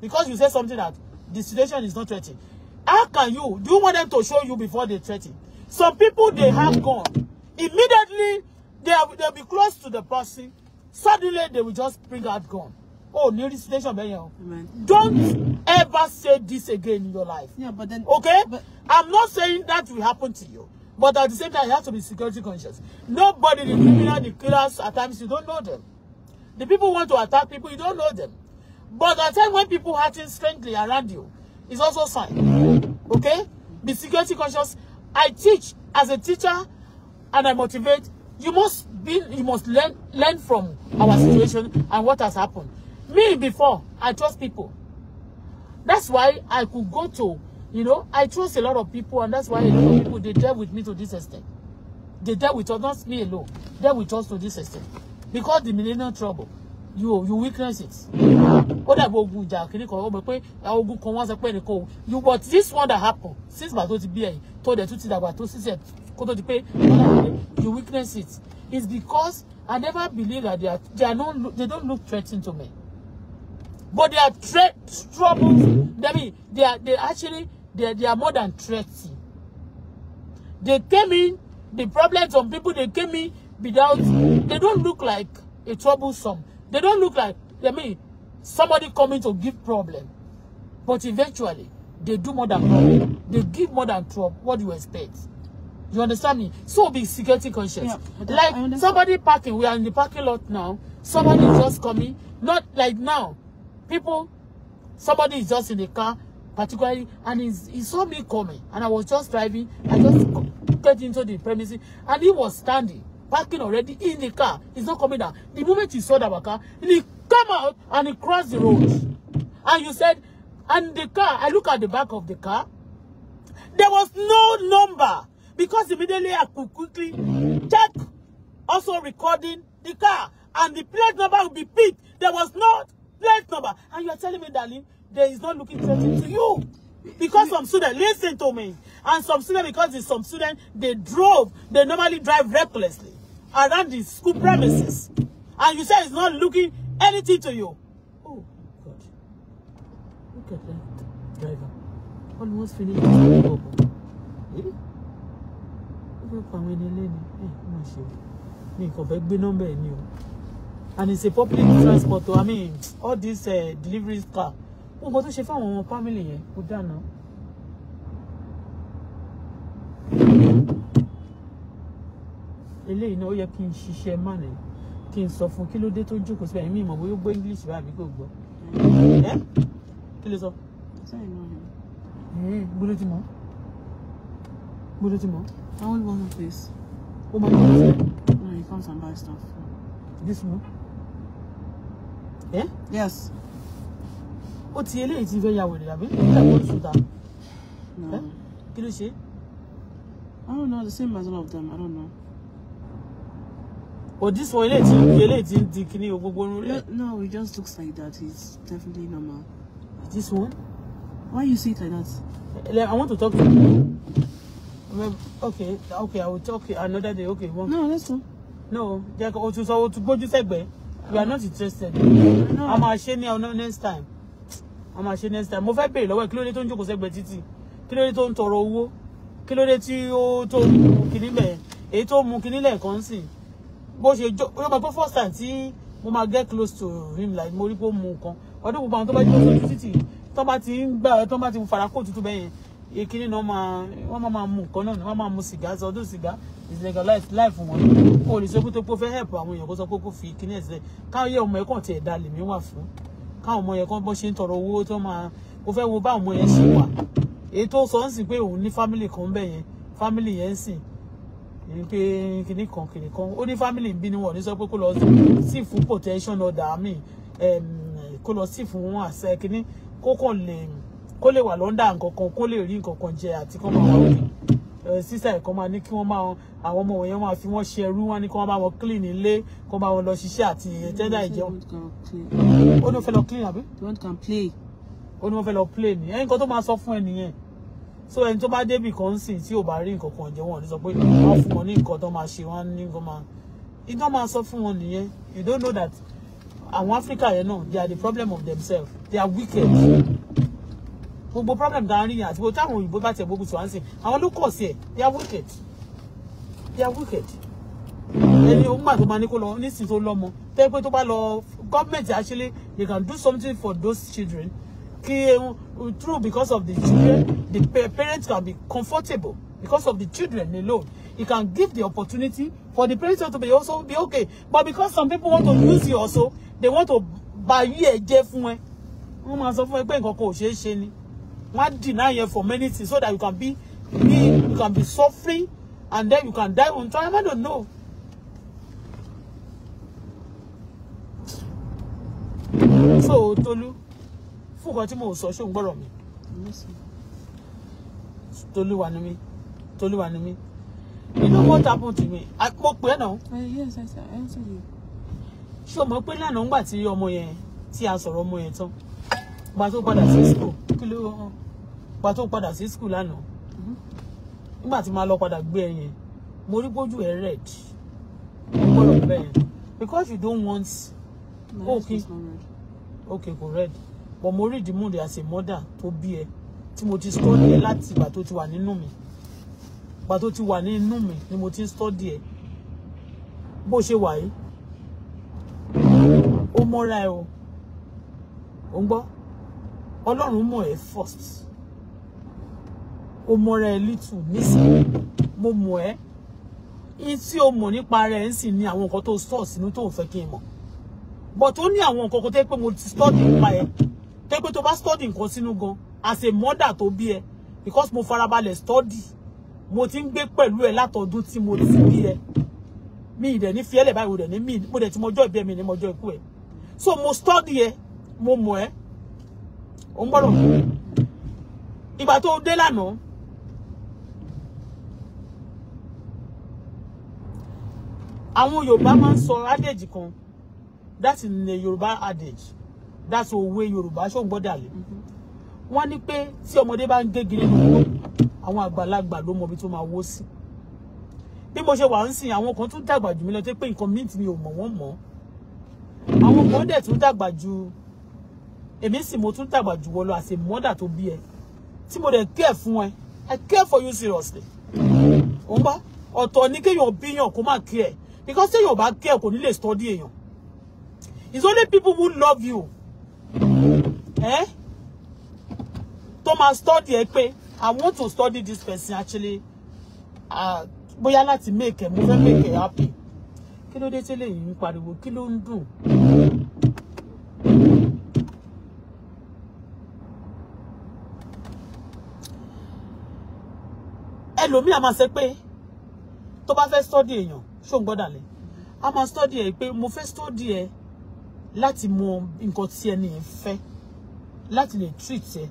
because you say something that the situation is not threatening. how can you, do you want them to show you before they threaten? Some people, they have gone. Immediately, they are, they'll be close to the person. Suddenly, they will just bring out gun. Oh, near this station, Amen. Don't ever say this again in your life. Yeah, but then. Okay? But, I'm not saying that will happen to you. But at the same time, you have to be security conscious. Nobody, the criminal, the killers, at times you don't know them. The people want to attack people, you don't know them. But at the time when people hurting strangely around you, it's also sign. Okay? Be security conscious. I teach as a teacher and I motivate. You must be you must learn learn from our situation and what has happened. Me before, I trust people. That's why I could go to, you know, I trust a lot of people and that's why a lot of people, they dealt with me to this extent. They dealt with us, not me alone. They with us to this extent. Because the millennial trouble, you you witness it. but this one that happened since my daughter be told tó two tún ti dàgbà tó sísẹ̀ you witness it. It's because I never believe that they are, they are not, they don't look threatening to me. But they are threat troubles. I mm-hmm. mean, they are they actually they they are more than threats. They came in, the problems on people they came in without they don't look like a troublesome. They don't look like I mean somebody coming to give problem. But eventually they do more than problem. They give more than trouble. What do you expect? You understand me? So be security conscious. Yeah, like somebody parking, we are in the parking lot now. Somebody just coming, not like now people, somebody is just in the car, particularly, and he, saw me coming, and I was just driving. I just get into the premises, and he was standing, parking already in the car. He's not coming down. The moment he saw that car, he come out and he crossed the road. And you said, and the car, I look at the back of the car. There was no number because immediately I could quickly check, also recording the car, and the plate number will be picked. There was not plate number. And you are telling me, darling, there is not looking threatening to you. Because some student listen to me. And some student because it's some student they drove, they normally drive recklessly around the school premises. And you say it's not looking anything to you. Oh, God. Look at that driver. Almost finished. Really? Eh? Ó fẹ́ pa àwọn ẹni ẹlẹ́ni. Ẹ eh, má ṣe o. Mi kò fẹ́ gbé nọ́mbà and it's a public transport I mean all this uh, delivery car wọn kò tó ṣe fáwọn ọmọ family yẹn kò dáná. eléyìí náà ó yẹ kí n ṣiṣẹ́ mánà kí n sọ fún kí ló dé tó jókòó síbẹ̀ èmi ìmọ̀ bóyá ó gbọ́ English báàbí kò gbọ́ ẹ kí ló sọ. gbọ́dọ̀ ti mọ̀ gbọ́dọ̀ ti mọ̀. I only want one place. ó máa no he comes and buy stuff. this one ẹ. Eh? yes. ó ti eléyìí ti fẹ́ ya wèrè àbí ìpínlẹ̀ kó tù No. Eh? kí ló ṣe. I don't know the same as all of them I don't know. Oh, this one, eléyìí ti it, ti di kíní gbogbo orun rẹ. No, it just looks like that. It's definitely normal. This one? Why you see it like that? I want to talk to you. Okay, okay, I will talk another day. Okay, one. No, let's go. No, jẹ́ kó o tún sọ o you are not interested I'm mm-hmm. ashamed. ṣe know next time I'm ashamed next time mo fẹ́ béèrè lọ́wọ́ ẹ̀ kí ló dé tó ń jókòó sẹ́gbẹ̀ẹ́ títì kí Toro dé tó ń tọrọ owó kí ló dé tí ó tó mu kinní bẹ̀ èyí tó mu kinní lẹ́ẹ̀kan sí bó ṣe first time tí mo máa get close to him like mo rí pé ó mu nǹkan ọdún gbogbo àwọn tó bá jó sójú títì tó bá ti ń gbà tó bá ti farakó tuntun bẹ́yẹn ìkíní náà máa wọ́n máa mú nǹkan náà wọ́n máa mú sìgá sọ ọdún sìgá is legalized life wọn kó o lè sọ pé tó pé fẹ́ help àwọn èèyàn kó sọ pé kó fi ìkíní ẹ̀ sílẹ̀ káwọn yẹ ọmọ ẹ̀ kàn tiẹ̀ da lèmi wà fún káwọn ọmọ yẹn kàn bọ́ ṣe ń tọrọ owó tó máa kó fẹ́ wo bá ọmọ yẹn ṣe wà èyí tó sọ ń sìn pé òun ní family kan ń bẹ̀ yẹn family yẹn ń sìn ní pé kinní kan kinní kan ó ní family ń bí ni wọn ní sọ pé kó lọ sí fún protection order mi kó lọ sí fún àṣẹ kinní kó kàn lè kó lè wà lọ́ndà nǹkan kan kó lè rí nǹkan jẹ àti kó máa wà òkè ẹ̀kọ́ máa ní kí wọ́n máa àwọn ọmọ wọ̀nyẹn máa fi wọ́n ṣe ẹrú wọn ní kí wọ́n bá wọn clean ilé kí wọ́n bá wọn lọ ṣiṣẹ́ àti ẹ̀tẹ́dà ìjẹun ó ní wọ́n fẹ́ lọ clean àbí. ó ní wọ́n fẹ́ lọ play ni ẹ̀yin kan tó máa sọ fún ẹ nìyẹn so ẹni tó bá débì kan sì tí ò bá rí nǹkan kan jẹ wọn ní sọ pé wọ́n fún wọn ní nǹkan tó máa ṣe wọn ní nǹkan máa ìtàn máa sọ fún wọn nìyẹn you don't know that àwọn Africa yẹn náà they are the problem of themselves they are wicked gbogbo problem dáhùn yẹn àti gbogbo táwọn òyìnbó bá tẹ̀ gbogbo tí wọ́n ń sìn àwọn ló kọ̀ sí ẹ̀ they are wicked they are wicked ẹni òun gbà tó máa ní kó lọ nísìnyí tó lọ́mọ tẹ́ pé tó bá lọ gọ́ọ̀mẹ̀ntì actually they can do something for those children kí true because of the children the parents can be comfortable because of the children alone it can give the opportunity for the parents to be also be okay but because some people want to use you also they want to buy you ẹ̀jẹ̀ fún ẹ wọ́n máa sọ fún ẹ pé nǹkan kan ò ṣeé ṣe ni wọ́n deny you for many things so that you can be be you can be suffering and then you can die on time I don't know. so Tolu fún nǹkan tí mo sọ ṣé o ń gbọ́rọ̀ mi Tolu one me. Tolu wà ní you know what happened to me I mo well now. Uh, yes I said I answered you. ṣé o mọ̀ pé lánàá ńgbà tí ọmọ How tí a sọ̀rọ̀ ọmọ yẹn tán gba tó padà sí school kí ló gba tó padà sí school lánàá nígbà tí màá lọ padà gbé ẹ yẹn mo rí pójú ẹ red gbọ́dọ̀ bẹ́ẹ̀ yẹn because you don't want no, okay oh, okay kò red but mo rí ìdìmú rẹ as a mother tó bí ẹ tí mo ti study ẹ láti ìgbà tó ti wà nínú mi ìgbà tó ti wà nínú mi ni mo ti study ẹ bó ṣe wà yìí ó mọ́ra ẹ o ò ń gbọ́ ọlọ́run mọ̀ ẹ́ first o mọ̀ra ẹ little nísìnyí mo mọ̀ ẹ́ in tí o mọ̀ nípa rẹ̀ ń sìn ní àwọn nǹkan tó sọ̀ sínú tó ń fẹ́ kí n mọ̀ but ó ní àwọn nǹkan kan tó yẹ pé mo ti study nípa ẹ tó yẹ pé tó bá study nǹkan sínú gan as a mother tó bí ẹ because mo farabalẹ̀ study mo ti ń gbé pẹ̀lú ẹ látọdún tí mo ti bí ẹ mi ìdẹ̀ ní fiẹ́lẹ̀ báyìí mo dẹ̀ ní mi mo dẹ̀ ti mọjọ́ ìbí ẹ mi ní mọjọ́ ikú ẹ so mo study ẹ mo mọ̀ ẹ́ ò ń bọ̀rọ̀ lọ ìgbà tó dé lánàá àwọn Yorùbá máa ń adage kan that is the Yoruba adage that's òwe Yorùbá ṣóǹgbọ́dàlẹ̀ wọ́n ní pé tí ọmọdé bá ń gégi nínú owó àwọn àgbàlagbà ló mọbi tó máa wó sí bí mo ṣe wà ń sìn àwọn kan tún dàgbà jù mí lọ tó pé nǹkan míì tí mi ò mọ̀ wọ́n mọ̀ àwọn kan dẹ̀ tún dàgbà jù èmi sì mo tún dàgbà jù wọ́ lọ as a mother tó bí ẹ tí mo dẹ̀ care fún ẹ i care for you seriously ò ń bá ọ̀tọ̀ ni kéèyàn bíyàn kó má care because téèyàn bá care kò ní lè study èèyàn it's only people who love you eh? tó máa study ẹ pé i want to study this person actually uh, bóyá láti make ẹ mo fẹ́ make ẹ happy kí ló dé tẹ́lẹ̀ yìí ń pariwo kí ló ẹlòmíì a máa ṣe pé tó bá fẹ́ study èèyàn ṣó ń gbọ́dà lẹ̀ a máa study ẹ̀ pé mo fẹ́ study ẹ̀ láti mọ nǹkan tí ẹni yẹn fẹ́ láti lè treat ẹ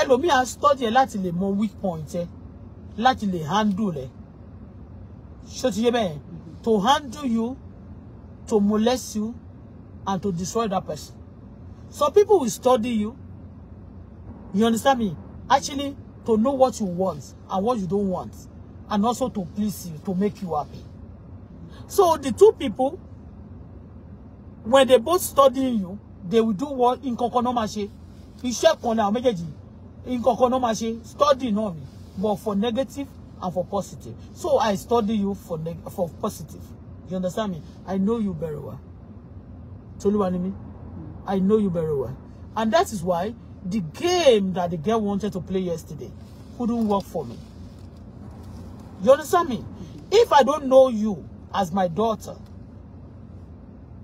ẹlòmíì a study ẹ láti lè mọ weak point ẹ láti lè handle ẹ ṣó ti yé bẹ́ẹ̀ to handle you to molest you and to destroy that person some people will study you you understand me actually to know what you want and what you don't want, and also to please you, to make you happy. So the two people, when they both studying you, they will do what in Kokonomashe. Iṣẹ́ in náà méjèèjì in Kokonomashe, study náà me, but for negative and for positive. So I study you for neg for positive. You understand me? I know you very well. Toluwanimi, hmm. I know you very well. And that is why the game that the girl wanted to play yesterday couldn't work for me. You understand me? If I don't know you as my daughter,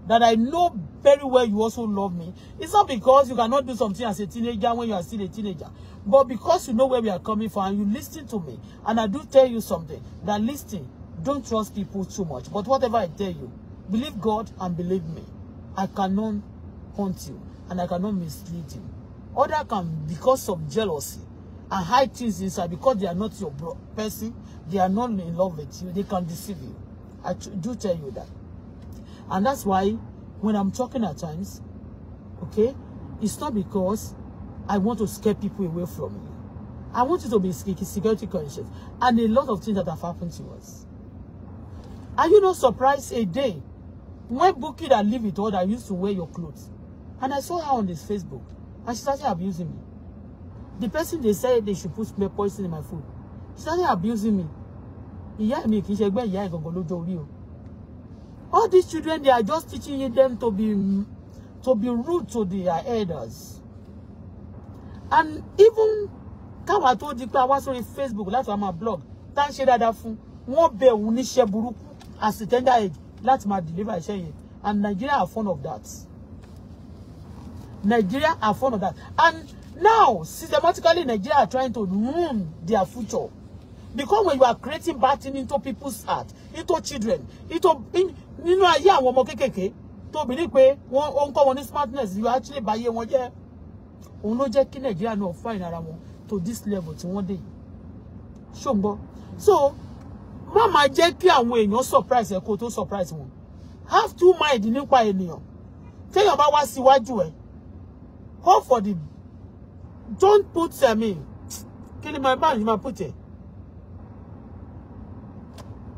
that I know very well you also love me, it's not because you cannot do something as a teenager when you are still a teenager, but because you know where we are coming from and you listen to me, and I do tell you something, that listen, don't trust people too much. But whatever I tell you, believe God and believe me. I cannot haunt you and I cannot mislead you. Other can, because of jealousy, and hide things inside because they are not your person. They are not in love with you. They can deceive you. I do tell you that. And that's why when I'm talking at times, okay, it's not because I want to scare people away from you. I want you to be security conscious. And a lot of things that have happened to us. Are you not surprised a day when bookie that live with all that used to wear your clothes? And I saw her on his Facebook. And she started abusing me. The person they said they should put smell poison in my food. She started abusing me. Ìyá mi kì í ṣe ẹgbẹ́ ìyá ìgangan lọ́jọ́ orí o. All these children, they are just teaching them to be to be rude to their elders. And even káwa tó di pé I was on Facebook That's on my blog Thank you ṣe dáadáa fún wọn bẹ̀ òun buruku as a tender age That's my delivery. and Nigeria are fond of that. Nigeria are fond of that. And now, systematically, Nigeria are trying to ruin their future. Because when you are creating bad things into people's heart, into children, into in know, yeah, àwọn ọmọ kéékèèké tó believe pé wọ́n ó ń kọ́ wọn ní smartness you actually buy ayé wọn jẹ́. Òun ló jẹ́ Nigeria náà fine ara to this level to one day. yìí. Ṣó ń gbọ́? So, má máa jẹ́ kí àwọn surprise ẹ̀ kó tó surprise wọn. Have two mind nípa ènìyàn. Téèyàn bá wá síwájú ẹ̀. Call for the... Don't put, I mean, killing my man, you might put it.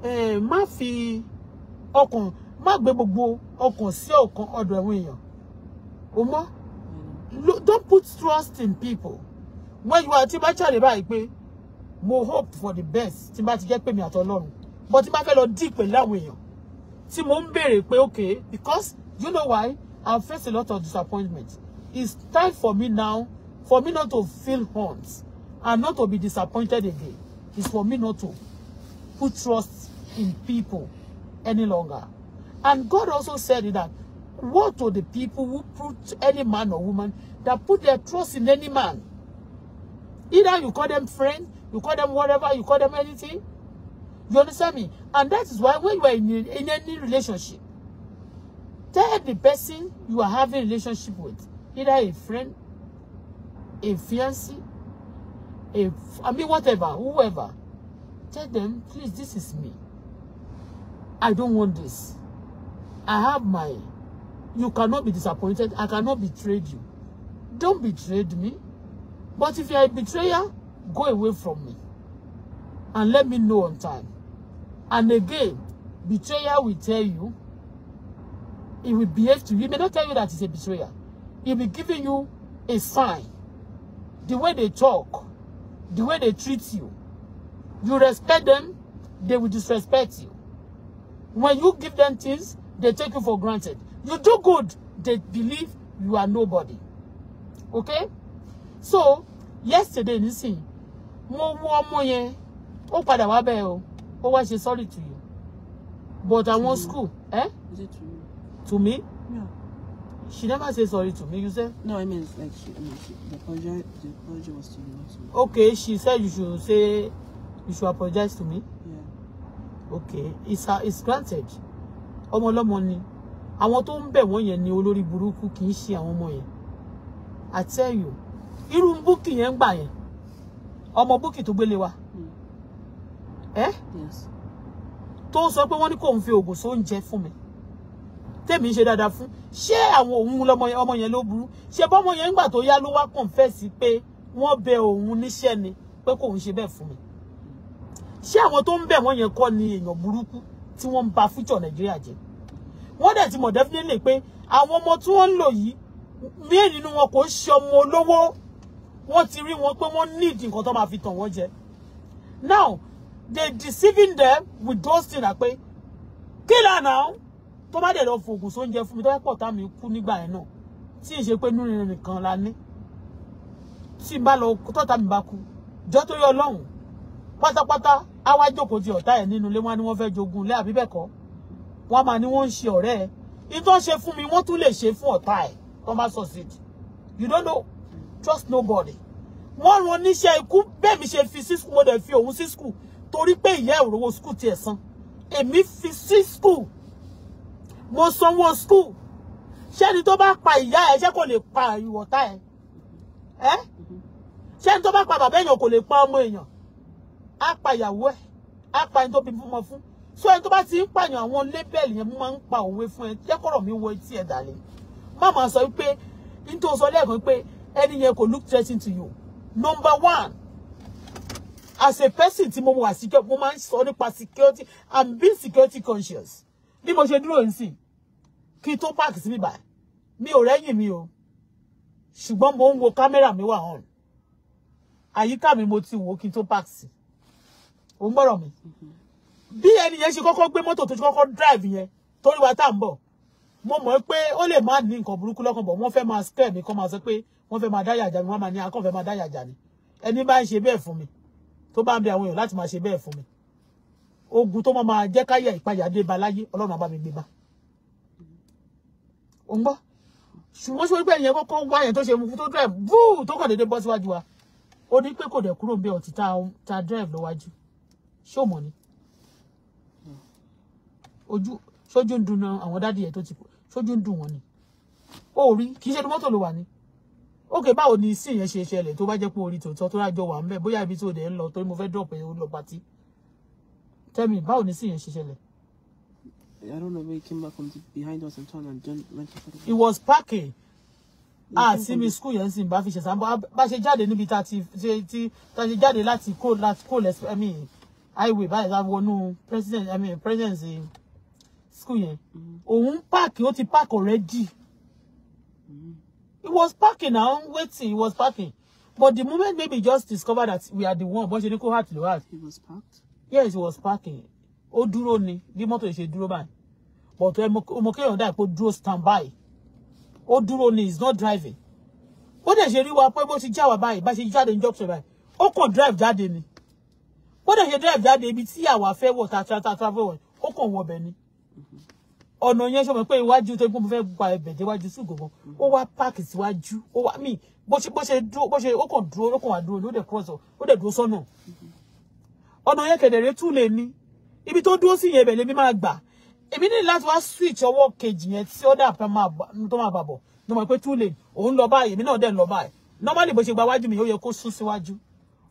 Eh, má fi ọkàn, má gbé gbogbo ọkàn sí ọkàn ọ̀dọ̀ àwọn èèyàn. O mọ̀? Don't put trust in people. When you are tí bá jáde báyìí pé mo hope for the best tí bá ti jẹ́ pé mi àtọlọ́run. But tí bá fẹ́ lọ dí pẹ̀lú àwọn èèyàn tí mo ń béèrè pé okay because you know why I face a lot of disappointment. It's time for me now, for me not to feel haunt and not to be disappointed again. It's for me not to put trust in people any longer. And God also said that, what to the people who put any man or woman that put their trust in any man. Either you call them friend, you call them whatever, you call them anything. You understand me? And that is why when you are in, in any relationship, tell the person you are having relationship with either a friend, a fiancé, a, I mean, whatever, whoever. Tell them, please, this is me. I don't want this. I have my, you cannot be disappointed. I cannot betray you. Don't betray me. But if you're a betrayer, go away from me. And let me know on time. And again, betrayer will tell you, he will behave to you. He may not tell you that he's a betrayer he'll be giving you a sign. The way they talk, the way they treat you. You respect them, they will disrespect you. When you give them things, they take you for granted. You do good, they believe you are nobody. Okay? So, yesterday, nísìn, mo wo ọmọ yẹn, ó padà o, ó wá sorry to you. But I want school, eh? Is it to you? To me? Yeah. She never said sorry to me, you said? No, I mean, like, she, I mean, she, the apology, the apology was to you, not to me. Okay, she said you should say, you should apologize to me? Yeah. Okay, it's, uh, it's granted. Omo lo money. Àwọn tó ń bẹ̀ wọ́n yẹn ni olórí burúkú kì í ṣe àwọn ọmọ I tell you, irú búkì yẹn ń gbà yẹn. Ọmọ búkì tó wa. Hmm. Eh? Yes. Tó sọ pé wọ́n ní kò ń fi oògùn sóúnjẹ fún mi tèmi ṣe dáadáa fún ṣé àwọn òun ọmọ yẹn ló burú ṣe bọ́mọ yẹn ńgbà tó yá ló wá kọ̀ǹfẹ́sì pé wọ́n bẹ òun níṣẹ́ ni pé kò ń ṣe bẹ́ẹ̀ fún mi ṣé àwọn tó ń bẹ̀ wọ́n yẹn kọ́ ni èèyàn burúkú tí wọ́n ń ba future Nàìjíríà jẹ́ wọ́n dẹ̀ ti mọ̀ definitely pé àwọn ọmọ tí wọ́n ń lò yìí míì nínú wọn kò ṣe ọmọ olówó wọ́n ti rí wọn pé wọ́n need nǹkan tó máa fi tàn wọ́n jẹ now they deceiving them with those things na pé kí lànà tó bá dẹ̀ lọ fògùn sóúnjẹ fún mi tó pọ̀ tá kú nígbà yẹn náà tí ì ṣe pé nínú ìrìn nìkan la ní tí n bá lọ tọ́ta mi bá kú jọ́ torí ọlọ́run pátápátá á wá jókòó ti ọ̀tá ẹ̀ nínú ilé wọn ni wọ́n fẹ́ jogun ilé àbí bẹ́ẹ̀ kọ́ wọ́n máa ní wọ́n ń ṣe ọ̀rẹ́ ẹ̀ ìtọ́ ṣe fún mi wọ́n tún lè ṣe fún ọ̀tá ẹ̀ tó má succeed you don't know trust nobody wọ́n rán oníṣẹ́ ikú bẹ́ẹ̀ mi ṣe fi sí school mo dẹ̀ fi òun sí school torí pé ìyá ẹ̀ òrówó school tiẹ̀ san èmi fi sí school mo sanwó school ṣẹ́ni tó bá pa ìyá ẹ ṣé kò lè pa ìwọ̀ta ẹ ẹ́ ṣẹ́ni tó bá pa bàbá èèyàn kò lè pa ọmọ èèyàn á pa ìyàwó ẹ á pa ẹni tó bí fún fún so ẹni tó bá ti ń pààyàn àwọn lébẹ̀lì yẹn mo máa ń pa òwe fún ẹ jẹ́ kọ́rọ̀ mi wọ etí ẹ̀ dàlẹ́ má máa sọ pé nítorí sọ lẹ́ẹ̀kan pé ẹni yẹn kò look threatening to you number one as a person tí mo wà security mo máa ń sọ nípa security and being security conscious bí mo ṣe dúró nsìn kí n tó páàkì síbí báyìí mi ò rẹ́yìn mi o ṣùgbọ́n mo ń wo kámẹ́rà mi wà hàn àyíká mi mo ti wò ó kí n tó páàkì sí ò ń gbọ́rọ̀ mi bí ẹni yẹn ṣe kọ́kọ́ gbé mọ́tò tó ṣe kọ́kọ́ drive yẹn torí wa tá à ń bọ̀ mo mọ̀ pé ó lè má ní nǹkan burúkú lọ́kàn bọ̀ wọ́n fẹ́ máa scare mi kọ́ máa sọ pé wọ́n fẹ́ máa dáyà jà mi wọ́n máa ní akọ́ fẹ́ máa dáyà jà ni ẹni bá ń ṣe bẹ́ẹ̀ fún mi tó bá ń bẹ àwọn èèyàn láti máa ṣe bẹ́ẹ̀ fún mi ogun tó máa máa jẹ́ káyà ìpayà dé ba láyé ọlọ́run á mi gbé bá ò ń gbọ́ ṣùgbọ́n ṣe wípé ìyẹn kókó wá yẹn tó ṣe mú tó drive búù tó kàn déédéé bọ́ síwájú wa ó ní pé kò dẹ̀ kúrò bí ọ̀tí ta drive lọ́wájú ṣó mọ̀ ni ojú ṣojú ń dun àwọn dádì yẹn tó ti kú ṣojú ń dùn wọn ni ó rí kì í ṣe mọ́tò ló wà ní ókè báwo ni sí ìyẹn ṣe ṣẹlẹ̀ tó bá jẹ́ pé orí tòótọ́ tó rájọ wà ń bẹ̀ bóyá ibi tó dẹ̀ ń lọ torí mo fẹ́ dọ̀pẹ́ ó lọ patí tẹ́mi báwo ni sí ìyẹn ṣe ṣẹlẹ̀ I don't know where he came back from behind us and turned and went to He was parking. Ah, see me school you see, ń bá fi ṣẹ̀sán. Ah, bá ṣe jáde níbi She ti ṣe ti tá ṣe jáde láti kó láti kó lẹ́sí I mean highway that láti wọnú president I mean presidency school yẹn. Mm-hmm. Òun páàkì ó ti páàkì already. Mm-hmm. He was parking now waiting he was parking. But the moment maybe just discovered that we are the one But she didn't ní kó to the house. He was parked? Yes, he was parking ó dúró ni bí mọ́tò yìí ṣe dúró báyìí but ọmọ kéèyàn dà pé ó dúró stand by ó dúró ni is not driving bó dẹ̀ ṣe rí wa pé bó ti já wa báyìí bá ṣe jáde ní junction báyìí ó kàn drive jáde ni bó dẹ̀ ṣe drive jáde ibi tí àwa fẹ́ wọ̀ tàtàtà fẹ́ wọ̀ ó kàn wọ̀ bẹ̀ ni ọ̀nà yẹn ṣe mọ̀ pé iwájú tó gbọ́n mo fẹ́ gba ẹbẹ̀ déwájú ṣùgbọ́n kan ó wá páàkì síwájú ó wá mí bó ṣe bó ṣe dúró bó ṣe ó kàn dúró ó kàn wá dúró ló dẹ̀ cross ó dẹ̀ dúró sọ́nà ọ̀nà yẹn kedere tún lè ní ibi tó dúró sí yẹn ibẹ̀ lèmi máa gbà èmi ní láti wá switch ọwọ́ kejì yẹn tí ọ̀dà tó máa bàbọ̀ tó máa pé two lane òun lọ báyìí èmi náà dẹ̀ lọ báyìí normally bó ṣe gba wájú mi ó yẹ kó sún síwájú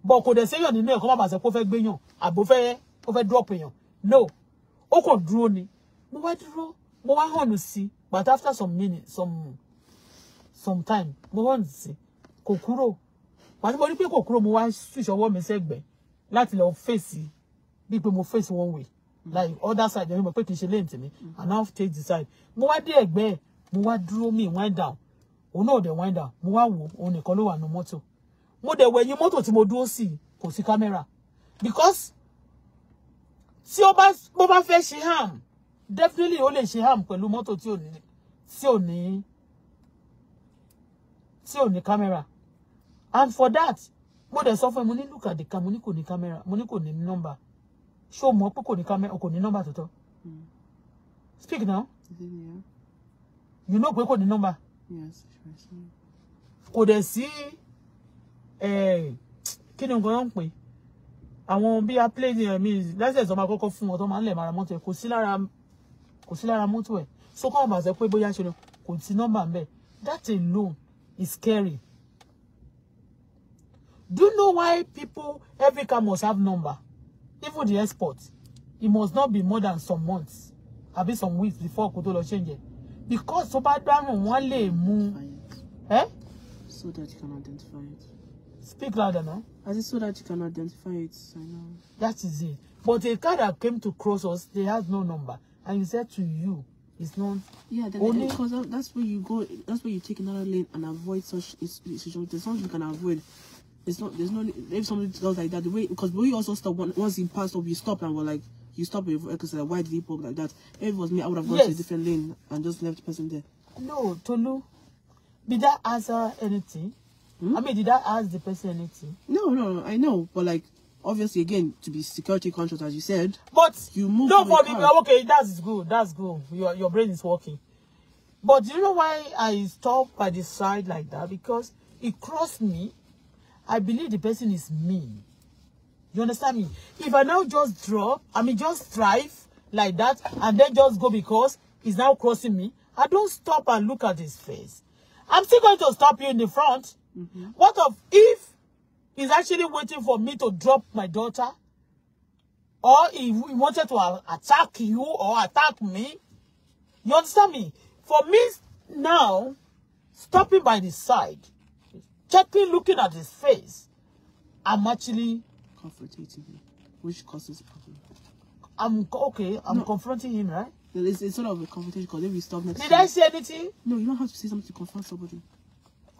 bọ̀ kò dẹ̀ séyàn nínú ẹ̀ kó má bàa sẹ́ kó fẹ́ gbéyàn àbò fẹ́ kó fẹ́ drop èèyàn no ó kàn dúró ni mo wá dúró mo wá hàn sí but after some minutes some some time mo hàn sí kò kúrò pàtó mo rí pé kò kúrò mo wá switch ọwọ́ mi sẹ́gbẹ̀ẹ́ láti lọ fèsì bíi pé mo face one way mm. like other side ẹ̀mí mọ̀ pé kì í ṣe lẹ́yìn tèmi and now take the side mo wá dé ẹ̀gbẹ́ ẹ̀ mo wá dúró mi wind down òun náà dẹ̀ wind down mo wá wò òun nìkan ló wà nù mọ́tò mo dẹ̀ wẹ̀yìn mọ́tò tí mo dúró sí kò sí kámẹ́rà because tí ó bá bó bá fẹ́ ṣe harm definitely ó lè ṣe harm pẹ̀lú mọ́tò tí ò ní tí ò ní tí ò ní kámẹ́rà and for that mo dẹ̀ sọ fún ẹ mo ní look at the car mo ní kò ní kámẹ́rà mo ní kò ní nọ́mbà Show o mọ̀ pé kò Oko, ká mẹ́ o kò hmm. speak now you know pé kò number? Yes, kò dẹ̀ sí kí ni nǹkan ń pè àwọn bí a play ní ẹ̀mí lẹ́sẹ̀ tó máa kọ́kọ́ fún wọn tó máa ń lẹ̀ mara mọ́tò ẹ̀ kò sí lára kò sí lára mọ́tò ẹ̀ so kọ́ ọ̀bà sọ pé bóyá ṣe lọ kò sí nọ́mbà ń that alone is scary do you know why people every car must have number even the export it must not be more than some months maybe some weeks before kó tó change it because tó bá dárùn wọ́n lè mú. Eh? So that you can identify it. Speak louder now. I said so that you can identify it. I know. That is it. But a car that came to cross us, they had no number, and he said to you, it's not. Yeah, only because that's where you go. That's where you take another lane and avoid such situations. There's something you can avoid. It's not. There's no. If somebody does like that, the way because we also stopped once he passed up, we stopped and we're like, you stopped because like, why did he pop like that? If it was me, I would have gone yes. to a different lane and just left the person there. No, Tolu, did I answer anything? Hmm? I mean, did I ask the person anything? No, no, no, I know, but like, obviously, again, to be security conscious, as you said. But you move. Don't forgive me. Okay, that's good. That's good. Your your brain is working. But do you know why I stopped by the side like that? Because it crossed me I believe the person is me. You understand me? If I now just drop, I mean just drive like that and then just go because he's now crossing me, I don't stop and look at his face. I'm still going to stop you in the front. Mm -hmm. What of if he's actually waiting for me to drop my daughter? Or if he wanted to attack you or attack me? You understand me? For me now, stopping by the side, Checking, looking at his face, I'm actually confronting him, which causes problem. I'm okay. I'm no. confronting him, right? It's, it's sort of a confrontation because then we stop next. Did time. I say anything? No, you don't have to say something to confront somebody.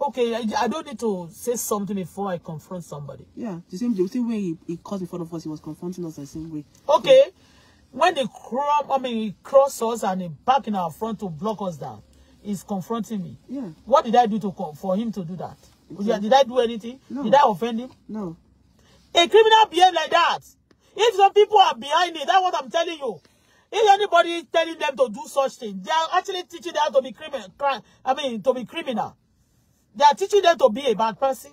Okay, I, I don't need to say something before I confront somebody. Yeah, the same, the same way he, he caused in front of us, he was confronting us the same way. Okay, so, when they cross, I mean, he crossed us and he back in our front to block us down, he's confronting me. Yeah. What did I do to for him to do that? Yeah. Did I do anything? No. Did I offend him? No. A criminal behave like that. If some people are behind it, that's what I'm telling you. If anybody is telling them to do such thing, they are actually teaching them to be criminal. I mean, to be criminal. They are teaching them to be a bad person.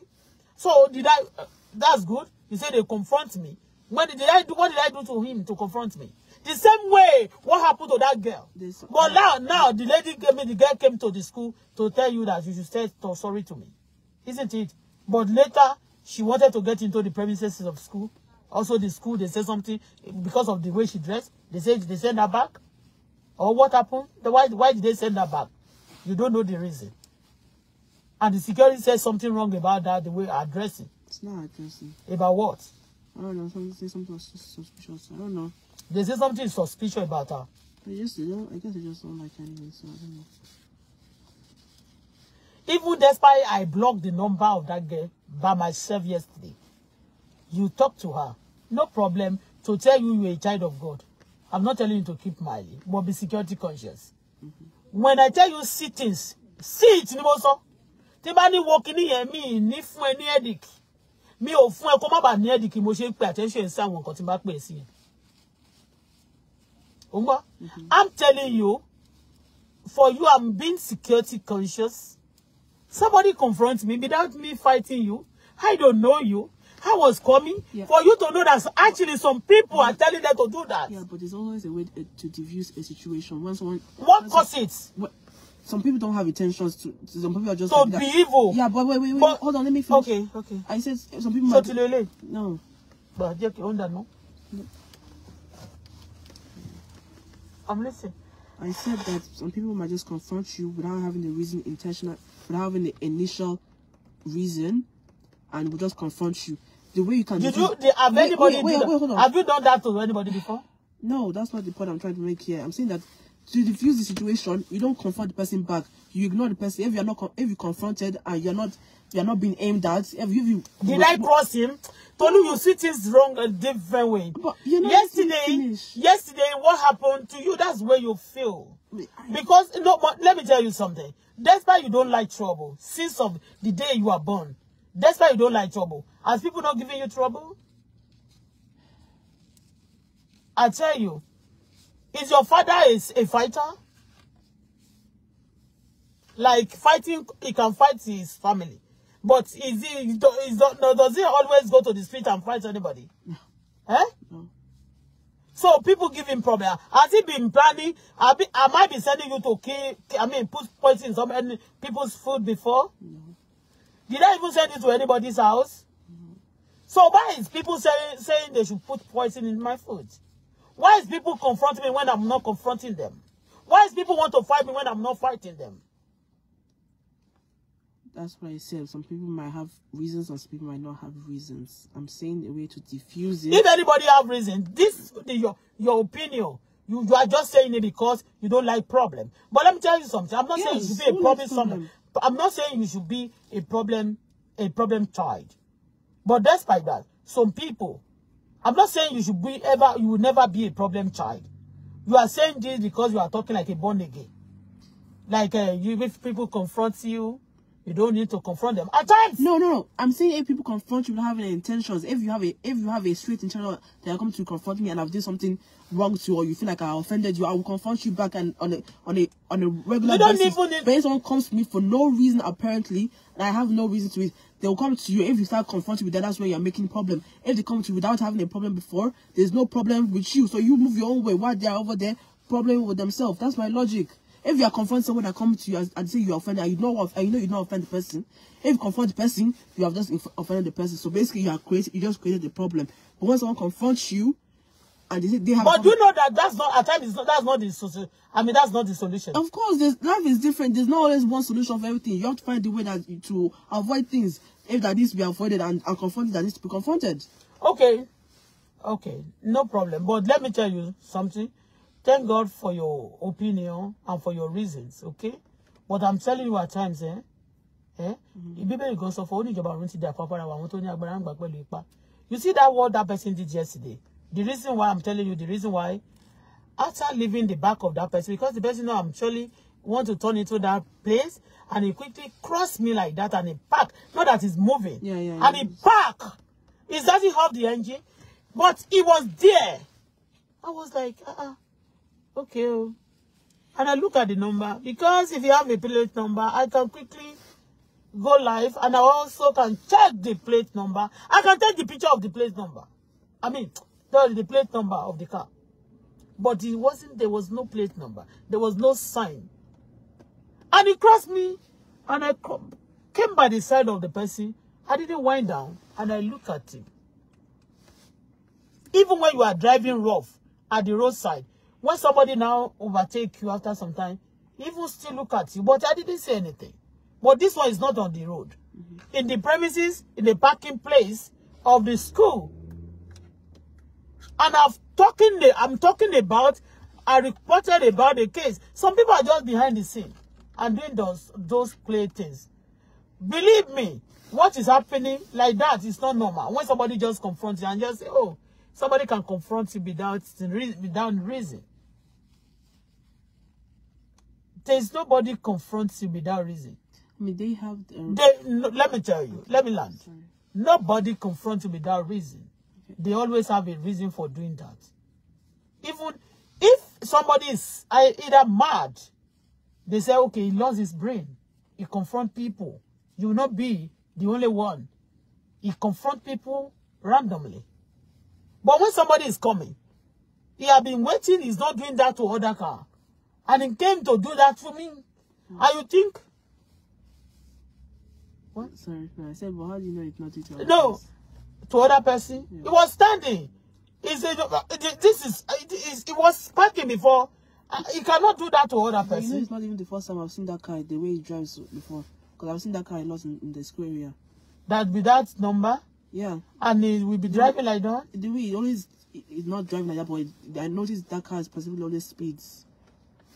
So did I? Uh, that's good. You say they confront me. What did I do? What did I do to him to confront me? The same way what happened to that girl. This, but now, now the lady gave me the girl came to the school to tell you that you should say sorry to me. isn't it? But later, she wanted to get into the premises of school. Also, the school, they said something because of the way she dressed. They said they send her back. Or what happened? Why, why did they send her back? You don't know the reason. And the security said something wrong about that, the way her dressing. It's not addressing. About what? I don't know. Something, say something suspicious. I don't know. They say something suspicious about her. I just, I guess I just don't like anything, so I don't know. Even despite I blocked the number of that girl by myself yesterday, you talk to her. No problem to tell you you're a child of God. I'm not telling you to keep Miley, but be security conscious. Mm -hmm. When I tell you see things, see it ni mo sọ. Tí bá ní wo kíní mi ní fún ẹ ní headache. Mi ò fún ẹ kó má bàa ní headache mo attention sí àwọn nǹkan back n bá mm-hmm. I'm telling you, for you I'm being security conscious. Somebody confronts me without me fighting you. I don't know you. I was coming yeah. for you to know that actually some people yeah. are telling them to do that. Yeah, but there's always a way eh, to diffuse a situation. Once one, what causes it? some people don't have intentions to, some people are just so like be evil. Yeah, but wait, wait, wait, but, hold on, let me finish. Okay, okay. I said some people so might, No. But you that, no? I'm listening. I said that some people might just confront you without having the reason intentional without having an initial reason and will just confront you. The way you can Did you did, have wait, anybody wait, wait, wait, hold on. have you done that to anybody before? No, that's not the point I'm trying to make here. I'm saying that to diffuse the situation, you don't confront the person back. You ignore the person. If you're not if you confronted and you're not you're not being aimed at, if you, if you did I cross him? Tolu, you see things wrong a different way. But you know, yesterday, yesterday, what happened to you? That's where you feel. Because, no, but let me tell you something. That's why you don't like trouble. Since of the day you are born. That's why you don't like trouble. Has people not giving you trouble? I tell you. Is your father is a fighter? Like fighting, he can fight his family. But is he, is, does he always go to the street and fight anybody? No. Eh? No. So people give him problem. Has he been planning? I, be, I might be sending you to kill, I mean, put poison in some people's food before. No. Did I even send it to anybody's house? No. So why is people saying, saying they should put poison in my food? Why is people confronting me when I'm not confronting them? Why is people want to fight me when I'm not fighting them? that's what I said. Some people might have reasons and some people might not have reasons. I'm saying a way to diffuse it. If anybody have reasons, this the, your your opinion. You, you are just saying it because you don't like problem. But let me tell you something. I'm not yes, saying you should be a problem, I'm not saying you should be a problem a problem child. But despite that, some people, I'm not saying you should be ever, you will never be a problem child. You are saying this because you are talking like a born again. Like uh, you, if people confront you, you don't need to confront them. At times. No, no, no. I'm saying if people confront you without having intentions, if you have a if you have a straight intention they are coming to confront me and I've done something wrong to you or you feel like I offended you, I will confront you back and on a on a on a regular you don't basis. Even need... But if someone comes to me for no reason apparently and I have no reason to it, they'll come to you. If you start confronting with that, that's when you're making problem. If they come to you without having a problem before, there's no problem with you. So you move your own way while they're over there problem with themselves. That's my logic. If you are confronting someone that comes to you and say you are offended, and you know and you know you don't offend the person. If you confront the person, you have just offended the person. So basically, you are creating, you just created the problem. But when someone confronts you, and they, they have. But do you know that that's not at times that's not the solution. I mean, that's not the solution. Of course, life is different. There's not always one solution for everything. You have to find the way that to avoid things if that needs to be avoided and, and confronted that needs to be confronted. Okay, okay, no problem. But let me tell you something. Thank God for your opinion and for your reasons, okay? But I'm telling you at times, eh? Eh? Mm-hmm. You see that word that person did yesterday? The reason why I'm telling you, the reason why after leaving the back of that person, because the person know I'm surely want to turn into that place, and he quickly crossed me like that, and he parked. Not that he's moving. Yeah, yeah, yeah. And he parked. He doesn't have the engine? But he was there. I was like, uh-uh. Okay. Oh. And I look at the number because if you have a plate number, I can quickly go live and I also can check the plate number. I can take the picture of the plate number. I mean, the, the plate number of the car. But it wasn't, there was no plate number. There was no sign. And he crossed me and I came by the side of the person. I didn't wind down and I look at him. Even when you are driving rough at the roadside, when somebody now overtake you after some time, even still look at you. But I didn't say anything. But this one is not on the road. Mm -hmm. In the premises, in the parking place of the school. And I'm talking, I'm talking about, I reported about the case. Some people are just behind the scene and doing those, those play things. Believe me, what is happening like that is not normal. When somebody just confronts you and just say, oh, somebody can confront you without, without reason. There's nobody confronts you without reason. I mean, they have... Um, they, no, let me tell you. Let me land. Sorry. Nobody confronts you without reason. They always have a reason for doing that. Even if somebody is either mad, they say, okay, he lost his brain. He confront people. You will not be the only one. He confront people randomly. But when somebody is coming, he has been waiting, he's not doing that to other car. And he came to do that for me. Mm. How you think? What? Sorry, no, I said, but how do you know it's not to No, to other person. Yeah. He was standing. He uh, said, this is, uh, it, it, was parking before. Uh, he cannot do that to other person. You know, it's not even the first time I've seen that car, the way he drives before. Because I've seen that car a lot in, in the square area. That with that number? Yeah. And he will be driving yeah. like that? The way he always is not driving like that, but I noticed that car is specifically always speeds.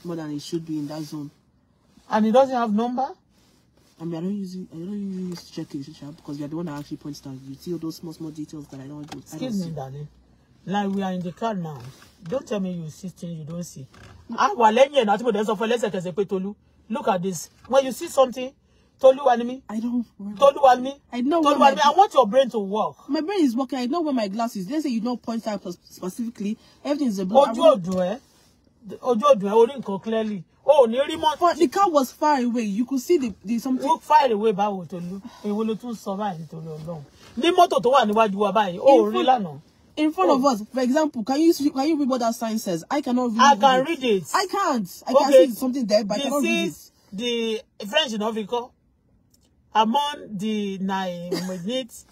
more than it should be in that zone. And it doesn't have number? I mean, I don't use it, I don't use to check it, Richard, because you're the one that actually points out. You see all those small, small details that I don't do. Excuse don't me, see. darling. Like we are in the car now. Don't tell me you see things you don't see. Ah, wà lẹ́yìn ẹ̀ náà tí mo dẹ̀ sọ fún ẹ lẹ́sẹ̀ kẹsẹ̀ pé Tolu, look at this. When you see something, Tolu ni me. I don't Tolu Toluwa me. I know Tolu my, me. I want your brain to work. My brain is working. I know where my glasses. They say you don't point out specifically. Everything is a blur. Ojú do, eh? ojú ọdún ẹ orí clearly o ò ní rí the car was far away you could see the the something. ó far away báwo Tolú èwo ló tún sọ báyìí torí Ọlọ́run ní mọ́tò tó wà níwájú wa báyìí ó rí lánàá. in front oh. of us for example can you can you read what that sign says I cannot read. I can read it. I can't I okay. can see something there but this I cannot read it. the French in Africa among the nine minutes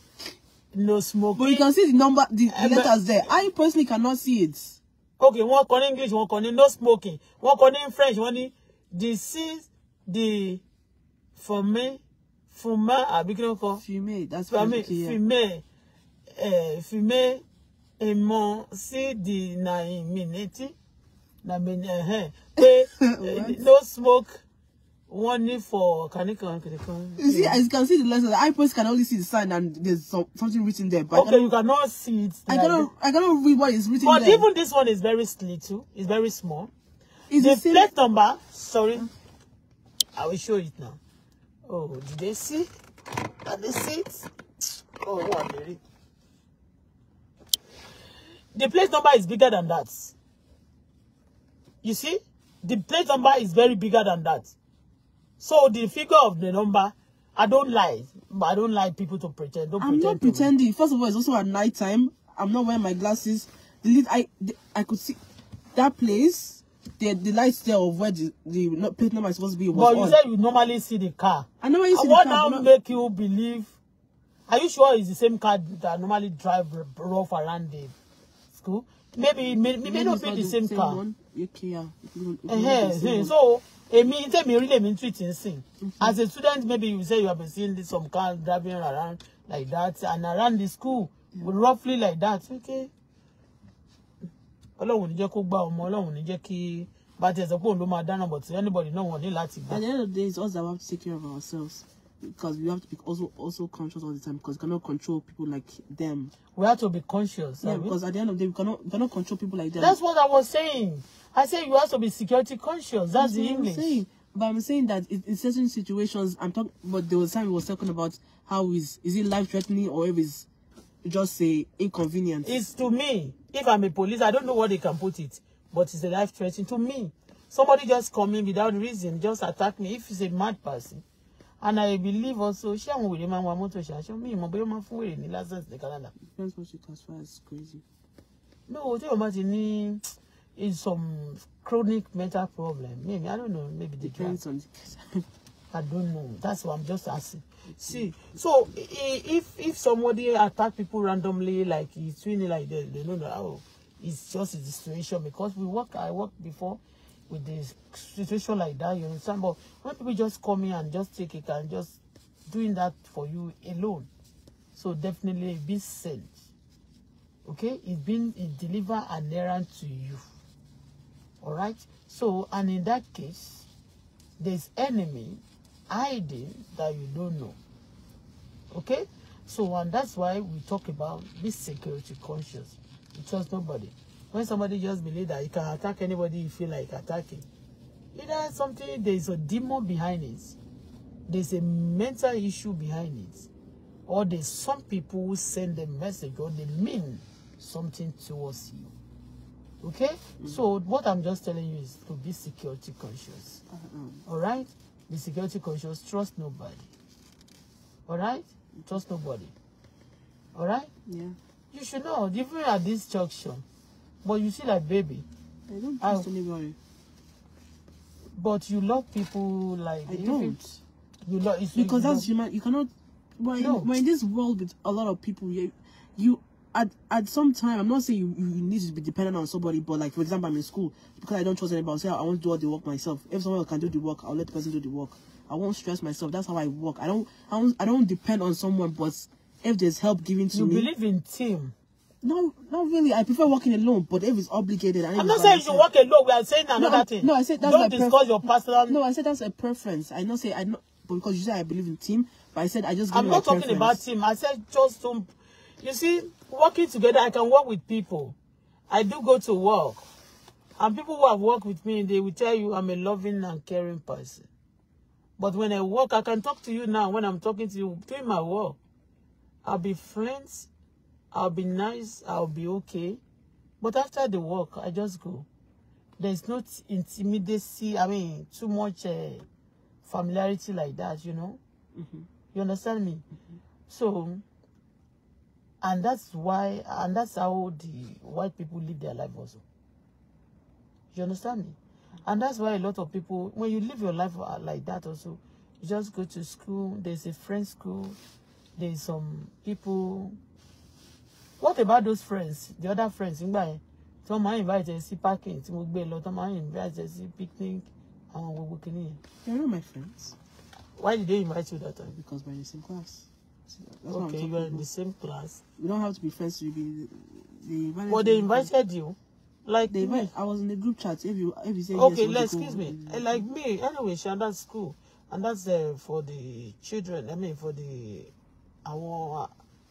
no smoking. but you can see the number the, the letters there I personally cannot see it okay wọ́n kọ ní english wọ́n kọ ní no smoking wọ́n kọ ní french wọ́n ní the six the fumé fumé àbí kí ló kọ fumé that's fumé fumé eh, fumé èmọ sí di nine minute na mi ẹ pé no smoke one need for Kanikan. Kanikan. You see, as you can see the letters, the iPods can only see the sign and there's some, something written there. But okay, you cannot see it. I cannot, I cannot read what is written but there. But even this one is very too. it's very small. Is the same... plate number, sorry, I will show it now. Oh, did they see? Can they see it? Oh, what a The plate number is bigger than that. You see? The plate number is very bigger than that. So the figure of the number, I don't lie. But I don't like people to pretend. Don't I'm pretend not pretending. Me. First of all, it's also at night time. I'm not wearing my glasses. The lead, I, the, I could see that place. The the lights there of where the the plate number is supposed to be. But you on. said you normally see the car. I normally see what the car. What now make you believe? Are you sure it's the same car that normally drive rough around the school? Maybe it may, it may not be the same, same car. One. Okay, yeah. uh -huh. the same so. One èmi me really mi tweet ń sìn mhm. as a student maybe you say you have been seeing some car driving around like that and around the school yeah. roughly like that okay ọlọ́run ò ní jẹ́ kó gbá ọmọ ọlọ́run ò ní jẹ́ kí bá tiẹ̀ sọ pé òun ló máa dáná but anybody náà wọ̀n ní láti at the end of the day it's us that we have to take care of ourselves because we have to be also also conscious all the time because we cannot control people like them. we have to be conscious. yeah eh? because at the end of the day we cannot we cannot control people like them. that's what I was saying I say you have to be security conscious. That's, That's the English. saying. But I'm saying that in certain situations, I'm talking. But there was time we was talking about how is is it life threatening or if it's just a inconvenience. It's to me. If I'm a police, I don't know what they can put it, but it's a life threatening to me. Somebody just come in without reason, just attack me. If it's a mad person, and I believe also, she àwọn wèrè máa ń wa mọ́tò ṣaṣọ mi ìmọ̀ bóyá máa fún wèrè ní license ní Canada. Depends what you classify crazy. No, tí o bá ti in some chronic mental problem. Maybe I don't know. Maybe they depends on. I don't know. That's why I'm just asking. See, so if if somebody attack people randomly, like it's really like they, they don't know how. It's just a situation because we work. I worked before with this situation like that. You understand? But when people just come in and just take it and just doing that for you alone, so definitely be sent. Okay, it's been it deliver an errand to you. All right. So, and in that case, there's enemy hiding that you don't know. Okay. So, and that's why we talk about this security conscious. You trust nobody. When somebody just believe that you can attack anybody you feel like attacking, either something, there's a demon behind it, there's a mental issue behind it, or there's some people who send a message or they mean something towards you. Okay? Mm -hmm. So what I'm just telling you is to be security conscious. Uh-huh. All right? Be security conscious. Trust nobody. All right? Trust nobody. All right? Yeah. You should know, even at this junction. But you see, like, baby. I don't trust I, anybody. But you love people like... I don't. you love... Because you that's love, human. You cannot... Why? no. in, in this world with a lot of people. You, you at at some time, I'm not saying you, you need to be dependent on somebody, but like for example, I'm in school because I don't trust anybody. I'll say I want to do all the work myself. If someone can do the work, I'll let the person do the work. I won't stress myself. That's how I work. I don't I don't, I don't depend on someone, but if there's help given to you me, you believe in team. No, not really. I prefer working alone, but if it's obligated, I I'm not saying you should work alone. We are saying another no, I, thing. No, I said that's don't discuss your personal. No, I said that's a preference. I not say I not because you say I believe in team, but I said I just. I'm not talking preference. about team. I said just You see, working together, I can work with people. I do go to work. And people who have worked with me, they will tell you I'm a loving and caring person. But when I work, I can talk to you now when I'm talking to you doing my work. I'll be friends. I'll be nice. I'll be okay. But after the work, I just go. There's not intimidacy. I mean, too much uh, familiarity like that, you know? Mm-hmm. You understand me? Mm-hmm. So, And that's why, and that's how the white people live their life also. You understand me? And that's why a lot of people, when you live your life uh, like that also, you just go to school, there's a friend school, there's some people. What about those friends, the other friends? Nígbà tó máa invite ẹ sí parking, tí mo gbé lọ, tó máa invite ẹ sí picnic, àwọn gbogbo They're not my friends. Why did they invite you that time? Because we're in the same class. That's okay, you were in the same class. We don't have to be friends We be. The, the but they invited you. Like they me. I was in the group chat. If you if you say okay, yes, let's excuse me. mm Like me, anyway, and that's school, and that's uh, for the children. I mean, for the our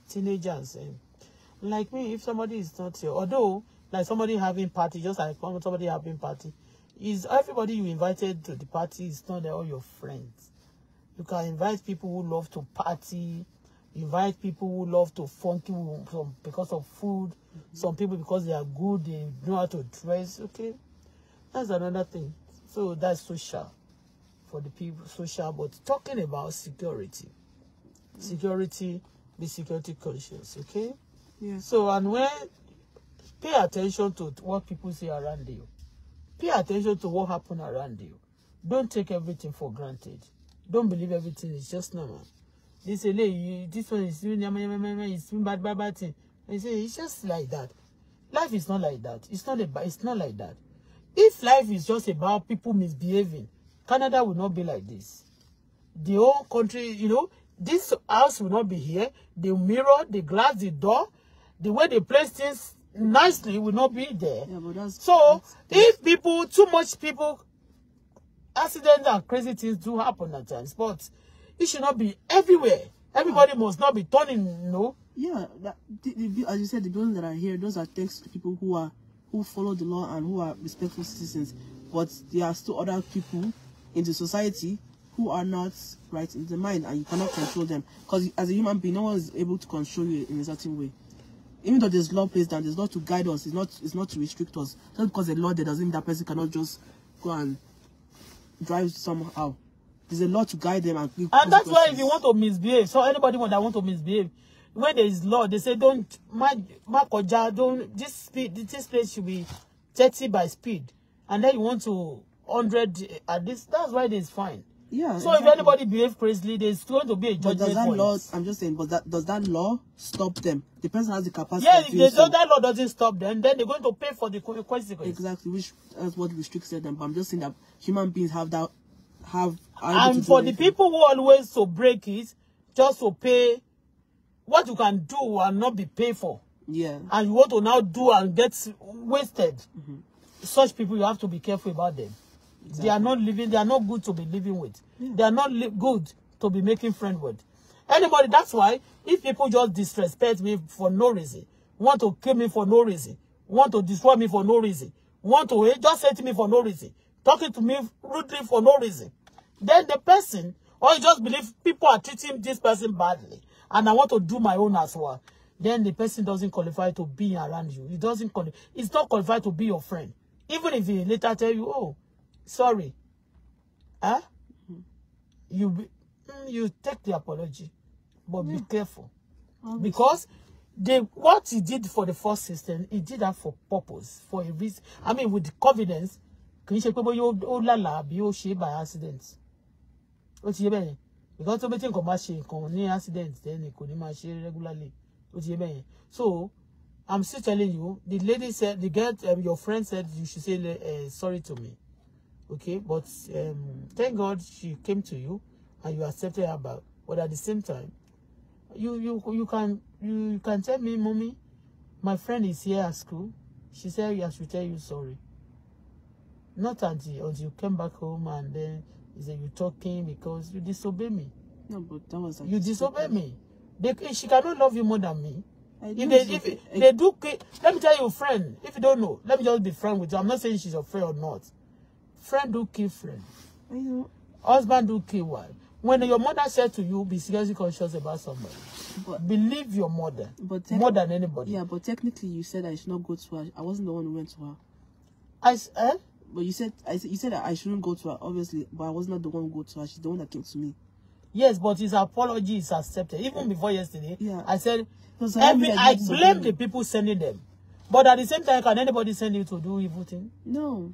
teenagers. And eh. like me, if somebody is not here, although like somebody having party, just like somebody having party, is everybody you invited to the party is not all your friends. You can invite people who love to party invite people who love to funky from because of food. Mm -hmm. Some people because they are good, they know how to dress. Okay, that's another thing. So that's social for the people. Social, but talking about security, mm -hmm. security, be security conscious. Okay. Yeah. So and when pay attention to what people say around you. Pay attention to what happen around you. Don't take everything for granted. Don't believe everything is just normal this eléyìí this one is doing is doing bad bad bad thing and say it's just like that life is not like that it's not a it's not like that if life is just about people misbehaving Canada will not be like this the whole country you know this house will not be here the mirror the glass the door the way they place things nicely will not be there yeah, but that's, so that's, that's... if people too much people accidents and crazy things do happen at times but It should not be everywhere. Everybody yeah. must not be turning, you know. Yeah, that, the, the, as you said, the buildings that are here, those are thanks to people who are who follow the law and who are respectful citizens. But there are still other people in the society who are not right in the mind, and you cannot control them. Because as a human being, no one is able to control you in a certain way. Even though there's law placed down, there's not to guide us, it's not it's not to restrict us. Just because the law there doesn't mean that person cannot just go and drive somehow. There's a law to guide them and And that's questions. why if you want to misbehave, so anybody that want to misbehave, when there is law, they say don't Makoja, don't this speed this place should be 30 by speed. And then you want to 100 at this that's why there's fine. Yeah. So exactly. if anybody behaves crazily, there's going to be a judgment. But does that point. law? I'm just saying. But that does that law stop them? The person has the capacity. Yeah. If they, so that law doesn't stop them, then they're going to pay for the consequences. Exactly. Which that's what restricts them. But I'm just saying that human beings have that have. And for the people who always to break it, just to pay what you can do and not be paid for. Yeah. And you want to now do and get wasted. Mm -hmm. Such people, you have to be careful about them. Exactly. They are not living, they are not good to be living with. Yeah. They are not good to be making friend with. Anybody, that's why if people just disrespect me for no reason, want to kill me for no reason, want to destroy me for no reason, want to just hate me for no reason, talking to me rudely for no reason, then the person, or you just believe people are treating this person badly, and I want to do my own as well, then the person doesn't qualify to be around you. It doesn't qualify. It's not qualified to be your friend. Even if he later tell you, oh, sorry, huh? You mm, you take the apology, but yeah. be careful, Obviously. because the what he did for the first system, he did that for purpose, for a reason. I mean, with the confidence, can you say, pé you ó lálàá be ó by accident ó ti yé bẹ́ẹ̀ yẹn because tó bẹ́ẹ̀ tí nǹkan bá ṣe nǹkan ní accident tẹ́ni kò ní máa ṣe regularly ó ti yé bẹ́ẹ̀ yẹn so i'm still telling you the lady said the girl um, your friend said you should say uh, sorry to me okay but um, thank God she came to you and you accepted her back but at the same time you you you can you, you can tell me mommy my friend is here at school she said I should tell you sorry not until until you came back home and then He said, you're talking because you disobey me. No, but that was You disobey me. They, she cannot love you more than me. I if they, if it, I, they do, let me tell you, friend, if you don't know, let me just be frank with you. I'm not saying she's your friend or not. Friend do kill friend. I know. Husband do kill wife. When your mother said to you, be seriously conscious about somebody. But, Believe your mother but more than anybody. Yeah, but technically you said I should not go to her. I wasn't the one who went to her. I, eh? But you said I you said that I shouldn't go to her, obviously, but I was not the one who go to her. She's the one that came to me. Yes, but his apology is accepted. Even before yesterday, yeah. I said so every, I, I blame the people sending them. But at the same time, can anybody send you to do evil thing? No.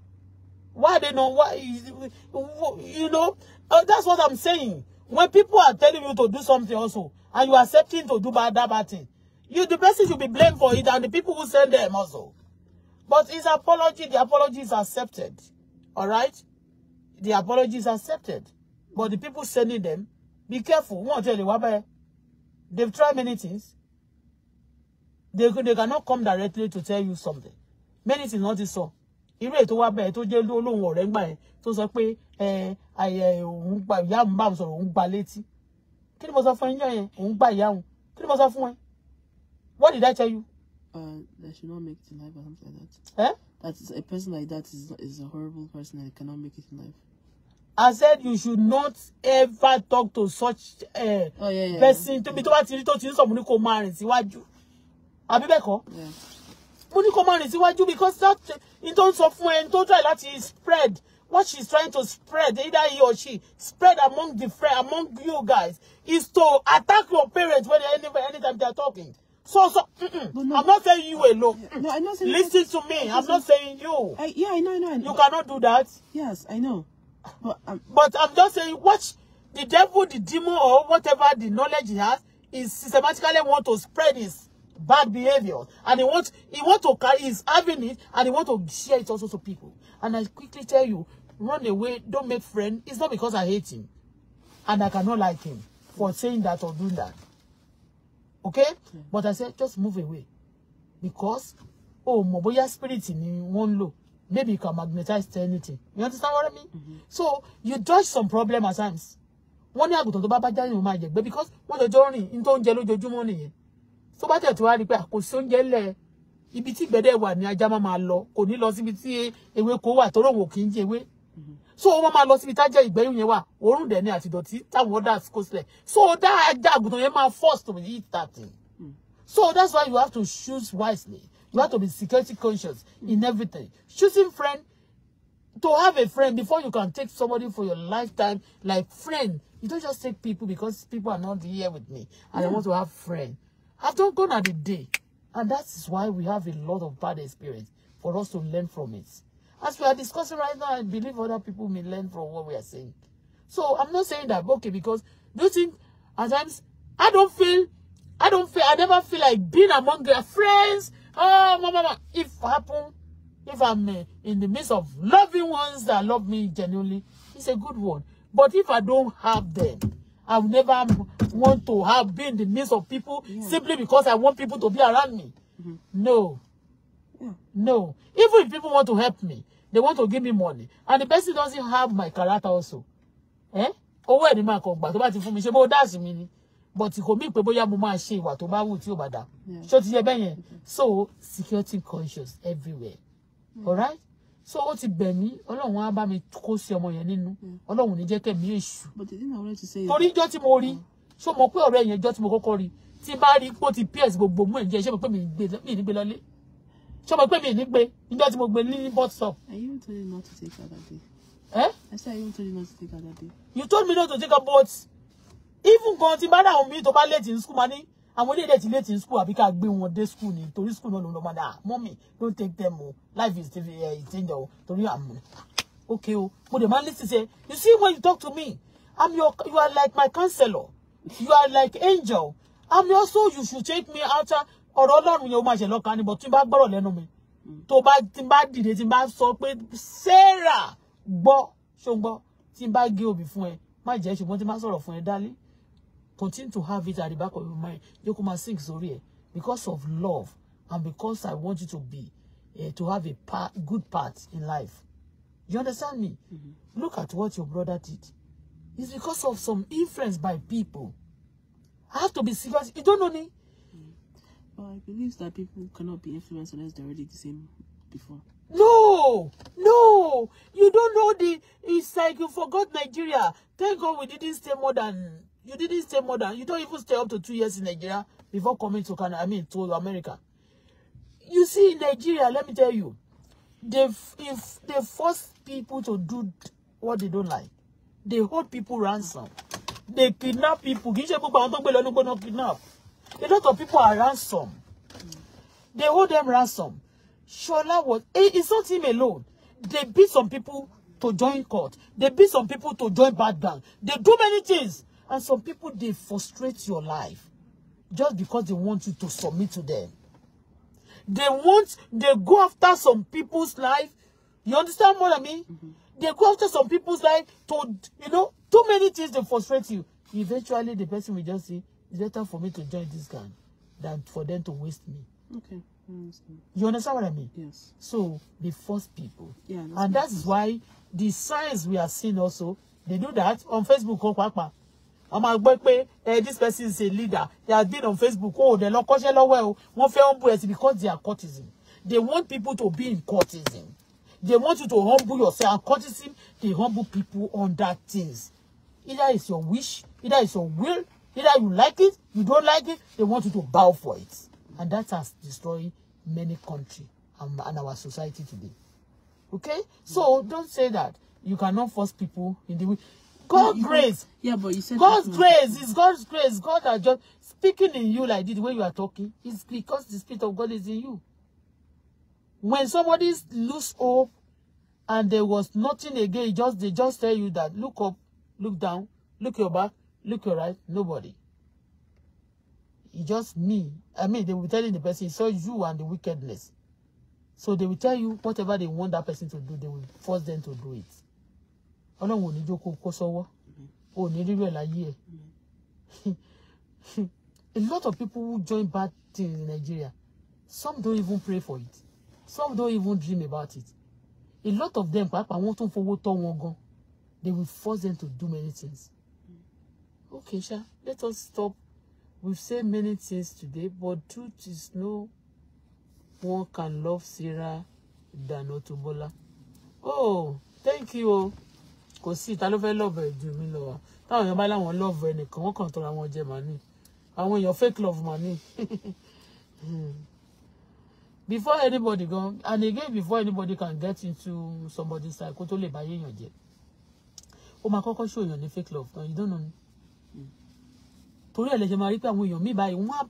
Why they know why you know? Uh, that's what I'm saying. When people are telling you to do something also, and you are accepting to do bad that bad thing, you the person should be blamed for it, and the people who send them also. But his apology, the apology is accepted. All right? The apology is accepted. But the people sending them, be careful. Wọ́n tell you what They've tried many things. They, they cannot come directly to tell you something. Many things not so. Irú ètò wa bẹ́ẹ̀ tó jẹ́ olóhùn ọ̀rẹ́ ńgbà yẹn tó sọ pé àyẹ̀ òun gba ìyá òun What did I tell you? uh, that should not make it in life or something like that. Huh? Eh? That is a person like that is is a horrible person and cannot make it in life. I said you should not ever talk to such a. Eh, oh, yeah, yeah. person. Yeah. Tó bá ti rí tó ti rí sọ, mo ní kó máa rìn síwájú. Àbí bẹ́ẹ̀ kọ́? Yeah. Mo ní kó because that in tó ń sọ fún ẹni tó spread what she's trying to spread, either he or she spread among the friend among you guys, is to attack your parents when anywhere anytime are talking. So, so, mm, no, I'm not saying you alone. No, I'm not saying Listen to me. I'm not saying you. I, yeah, I know, I know, I know. You cannot do that. Yes, I know. But, um, but I'm just saying, watch the devil, the demon, or whatever the knowledge he has, is systematically want to spread his bad behavior. And he want, he want to carry, he's having it, and he want to share it also to people. And I quickly tell you, run away, don't make friends. It's not because I hate him. And I cannot like him for saying that or doing that okay yeah. but i said just move away because oh mọ̀ bóyá spirit in one lò maybe you can magnetize to anything you understand what i mean mm -hmm. so you dodge some problem at times One ní àgùntàn tó bá bá jáde ní wọ́n máa jẹ̀gbẹ́ because wọ́n jọjọ́ rìn ní tó ń jẹ lójoojúmọ́ nìyẹn tó bá tẹ̀ tó wá rí i pé àkóso oúnjẹ lẹ̀ ibi tí gbẹ̀dẹ̀ wà ní ajá máa lọ kò ní lọ síbi tí ewéko wà tó ròwò kì í so wọ́n máa lọ síbi tájẹ́ ìgbẹ́yìn yẹn wà òórùn dẹ̀ ni àti ìdọ̀tí táwọn others kó sílẹ̀ so dá ajá àgùntàn yẹn máa force to eat that thing so that's why you have to choose wisely you have to be security conscious in everything choosing friend to have a friend before you can take somebody for your lifetime like friend you don't just take people because people are not here with me and yeah. I want to have friend I've done gone at the day and that is why we have a lot of bad experience for us to learn from it. As we are discussing right now, I believe other people may learn from what we are saying. So I'm not saying that, okay, because do you think at times I don't feel, I don't feel, I never feel like being among their friends. Oh, mama, mama. If happen, if I'm uh, in the midst of loving ones that love me genuinely, it's a good word. But if I don't have them, I've never want to have been in the midst of people yeah. simply because I want people to be around me. Mm -hmm. No. Yeah. No. Even if people want to help me, They want to give me money. And the person doesn't have my character also. Eh? Owó ẹ̀ ni máa kàn gbà tó bá ti fún mi ṣe bó dáàsì mi ni. But kò mí pé bóyá mo máa ṣe ìwà tó bá wù tí ò bá dà. ti yẹ bẹ́ẹ̀ yẹn? So security conscious everywhere. Mm. Alright? so ó ti bẹ̀ mí ọlọ́run á bá mi kó sí ọmọ yẹn nínú ọlọ́run ní jẹ́ kẹ̀mí èṣù torí ijọ́ tí mo rí ṣó mọ̀ pé ọ̀rẹ́ yẹn ijọ́ So mo kọ́kọ́ rí tí bá rí pé ó ti pierce gbogbo mú ẹ̀jẹ̀ ṣé mo pé mi ní gbé lọ́lé So ṣọmọ pé mi ní gbé níjọ́ tí mo gbé ní bọ́tọ̀. I even told you not to take her that day. Eh? I said I even told you not to take her that day. You told me not to take her but even gan ti bá dáhùn mi tó bá late in school mani. ní àwọn ilé ìdẹ̀tì late in school àbí ká gbé wọn dé school ni torí school náà ló lọ máa dà don't take them o life is danger eh, o torí àmì okay o mo dẹ̀ máa ń listen say you see when you talk to me I'm your you are like my counselor you are like angel I'm also you should take me out ọ̀rọ̀ Ọlọ́run yẹn ó máa ṣe lọ́kàn ni but tí n bá gbọ́rọ̀ lẹ́nu mi tó bá tí n bá dìde tí n bá sọ pé Sarah gbọ́ ṣó ń gbọ́ tí n bá gé obì fún ẹ má jẹ́ ṣùgbọ́n tí n bá sọ̀rọ̀ fún ẹ dálé continue to have it at the back of your mind yóò kó máa sink sórí ẹ because of love and because I want you to be uh, to have a part, good part in life you understand me mm -hmm. look at what your brother did it's because of some influence by people I have to be serious you don't know me. I believe that people cannot be influenced unless they're already the same before. No, no, you don't know the. It's like you forgot Nigeria. Thank God we didn't stay more than you didn't stay more than you don't even stay up to two years in Nigeria before coming to Canada. I mean to America. You see, in Nigeria, let me tell you, they if they force people to do what they don't like, they hold people ransom, they kidnap people. kidnap. A lot of people are ransom. They hold them ransom. Shola was, it's not him alone. They beat some people to join court. They beat some people to join bad bank. They do many things. And some people, they frustrate your life just because they want you to submit to them. They want, they go after some people's life. You understand what I mean? Mm -hmm. They go after some people's life to, you know, too many things, they frustrate you. Eventually, the person will just say, it's better for me to join this gang than for them to waste me. Okay. Understand. You understand what I mean? Yes. So they force people. Yeah. That's and that's sense. why the signs we are seeing also, they do that on Facebook. Oh, a máa gbọ́ pé eh, this person is a leader they has been on Facebook oh dem lọ kọ́ṣẹ́ lọ́wọ́ ẹ̀ o wọ́n humble ẹ̀ because they are courtesan they want people to be in courtesan they want you to humble yourself and courtesan they humble people on that things either it's your wish either it's your will Either you like it, you don't like it, they want you to bow for it. And that has destroyed many countries and, and our society today. Okay? So don't say that. You cannot force people in the way. God's no, grace. Can, yeah, but you said God's grace is God's grace. God are just speaking in you like this way you are talking. It's because the Spirit of God is in you. When somebody lose hope and there was nothing again, just they just tell you that look up, look down, look your back, Look alright, nobody. It's just me. I mean, they will tell the person, it's all you and the wickedness. So they will tell you whatever they want that person to do, they will force them to do it. Ọlọ́run ò ní jókòó kó sọ́wọ́, ò ní rírọ̀ láyé A lot of people who join bad things in Nigeria, some don't even pray for it. Some don't even dream about it. A lot of them, They will force them to do many things okay sha let us stop we've said many things today but truth is no one can love Sarah than Auto oh thank you o kò sí ìta love, fẹ́ lọ́ọ̀bù ju mi lọ wa táwọn èèyàn bá láwọn lọ́ọ̀bù ẹnìkan wọ́n kàn tọ́ra wọn jẹ màní àwọn èèyàn fake love màní before anybody go, and again before anybody can get into somebody's side kó tó lè bá yéèyàn jẹ ó máa show ṣòyàn ní fake love gan you don't know torí ẹ̀ lè ṣe máa rí pé àwọn èèyàn míì báyìí wọ́n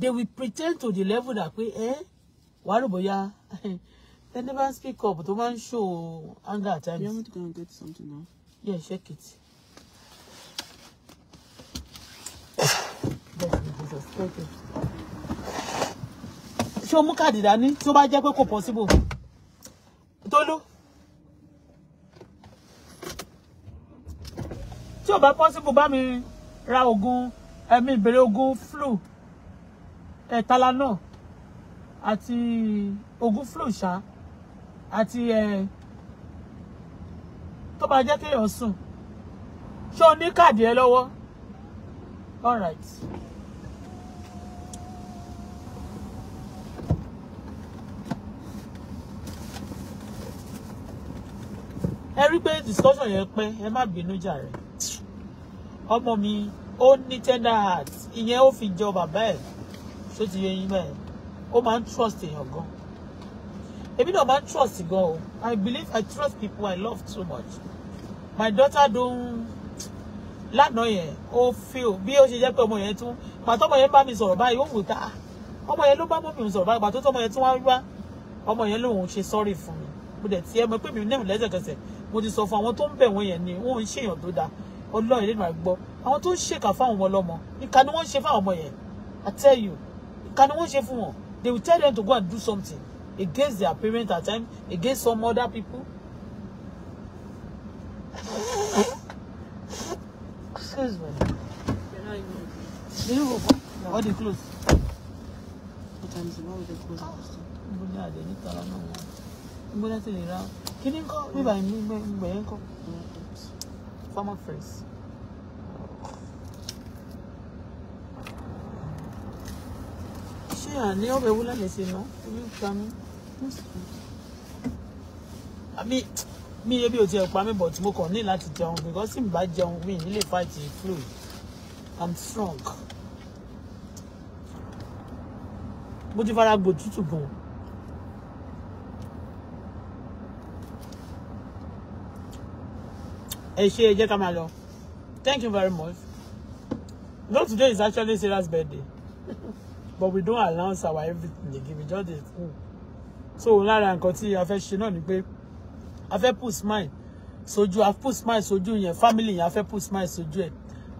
they will pretend to the level that pé ẹ eh, wàá rò bóyá ẹni bá ń speak up tó bá ń show anger at times. you want to go and get something now. yeah check it. ṣé o mú káàdì dání tí ó bá jẹ́ pé kò possible Tolu tí ò bá possible bá mi ra oògùn ẹ̀mí ìbèrè oògùn flu ẹ̀ Tylenol àti oògùn flu ṣá àti ẹ̀ tó bá jẹ́ kéèyàn sùn ṣé o ní káàdì ẹ lọ́wọ́ all right. ẹ rí pé discussion yẹn pẹ́ ẹ má bínú jàre ọmọ mi ó ní tender heart ìyẹn ó fi jọ bàbá ẹ̀ ṣó ti yẹ yín bẹ́ẹ̀ ó máa ń trust èèyàn gan èmi náà máa ń trust gan o I believe I trust people I love too much my daughter don lánàá yẹn ó feel bí ó ṣe jẹ́ pé ọmọ yẹn tún pàtó ọmọ yẹn bá mi sọ̀rọ̀ báyìí ó wò tá ah, ọmọ yẹn ló bá mọ́ mi sọ̀rọ̀ báyìí pàtó ọmọ yẹn tún wá wá ọmọ yẹn lòun ṣe sorry fún mi mo dẹ̀ tiẹ̀ mọ̀ pé mi náà lẹ́sẹ̀kẹsẹ̀ mo ti sọ fún àwọn tó ń bẹ̀ wọ́n yẹn ni wọ́n ń ṣèyàn tó dáa ọlọ́run ìdílé màá gbọ́ àwọn tó ń ṣèkà fáwọn ọmọ ọlọ́mọ ìka ni wọ́n ń ṣe fáwọn ọmọ yẹn I tell you ìka ni wọ́n ń ṣe fún wọn they will tell them to go and do something against their parents at times against some other people. Excuse me. You know no. All the clothes. What time is it? What the clothes? Mbona ade ni tara na wọn. Mbona ti le ra. Kini nko? Bí bàyìí mbẹ̀ ń kọ́. Former friends. ṣé àní ọbẹ̀ wúlẹ̀ lè ṣe náà orí ń pa mí. àbí mi ebi ò tiẹ̀ pa but mo kàn ní láti jẹun because tí mi bá jẹun mi nílé fàájì flu I'm strong. mo ti fara gbòtútù gan-an. ẹ ṣe ẹ jẹ́ ká thank you very much no today is actually Sarah's birthday but we don't announce our everything they give me just the school so lára nǹkan tí a fẹ́ she náà ni pé a fẹ́ put smile So you have put smile So sójú your family yẹn a put smile So you ẹ̀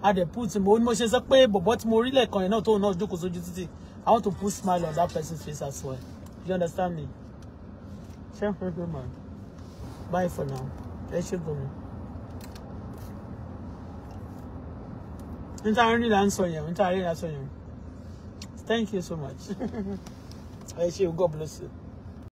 a dẹ̀ put mo ní mo ṣe sọ pé bọ̀bọ̀ tí mo rí lẹ́ẹ̀kan yẹn náà tóun náà I want to put smile on that person's face as well you understand me? bye for now ẹ ṣe gbọ́n mi. níta rí láǹsọ yẹn níta rí láǹsọ yẹn thank you so much I ẹ you God bless you.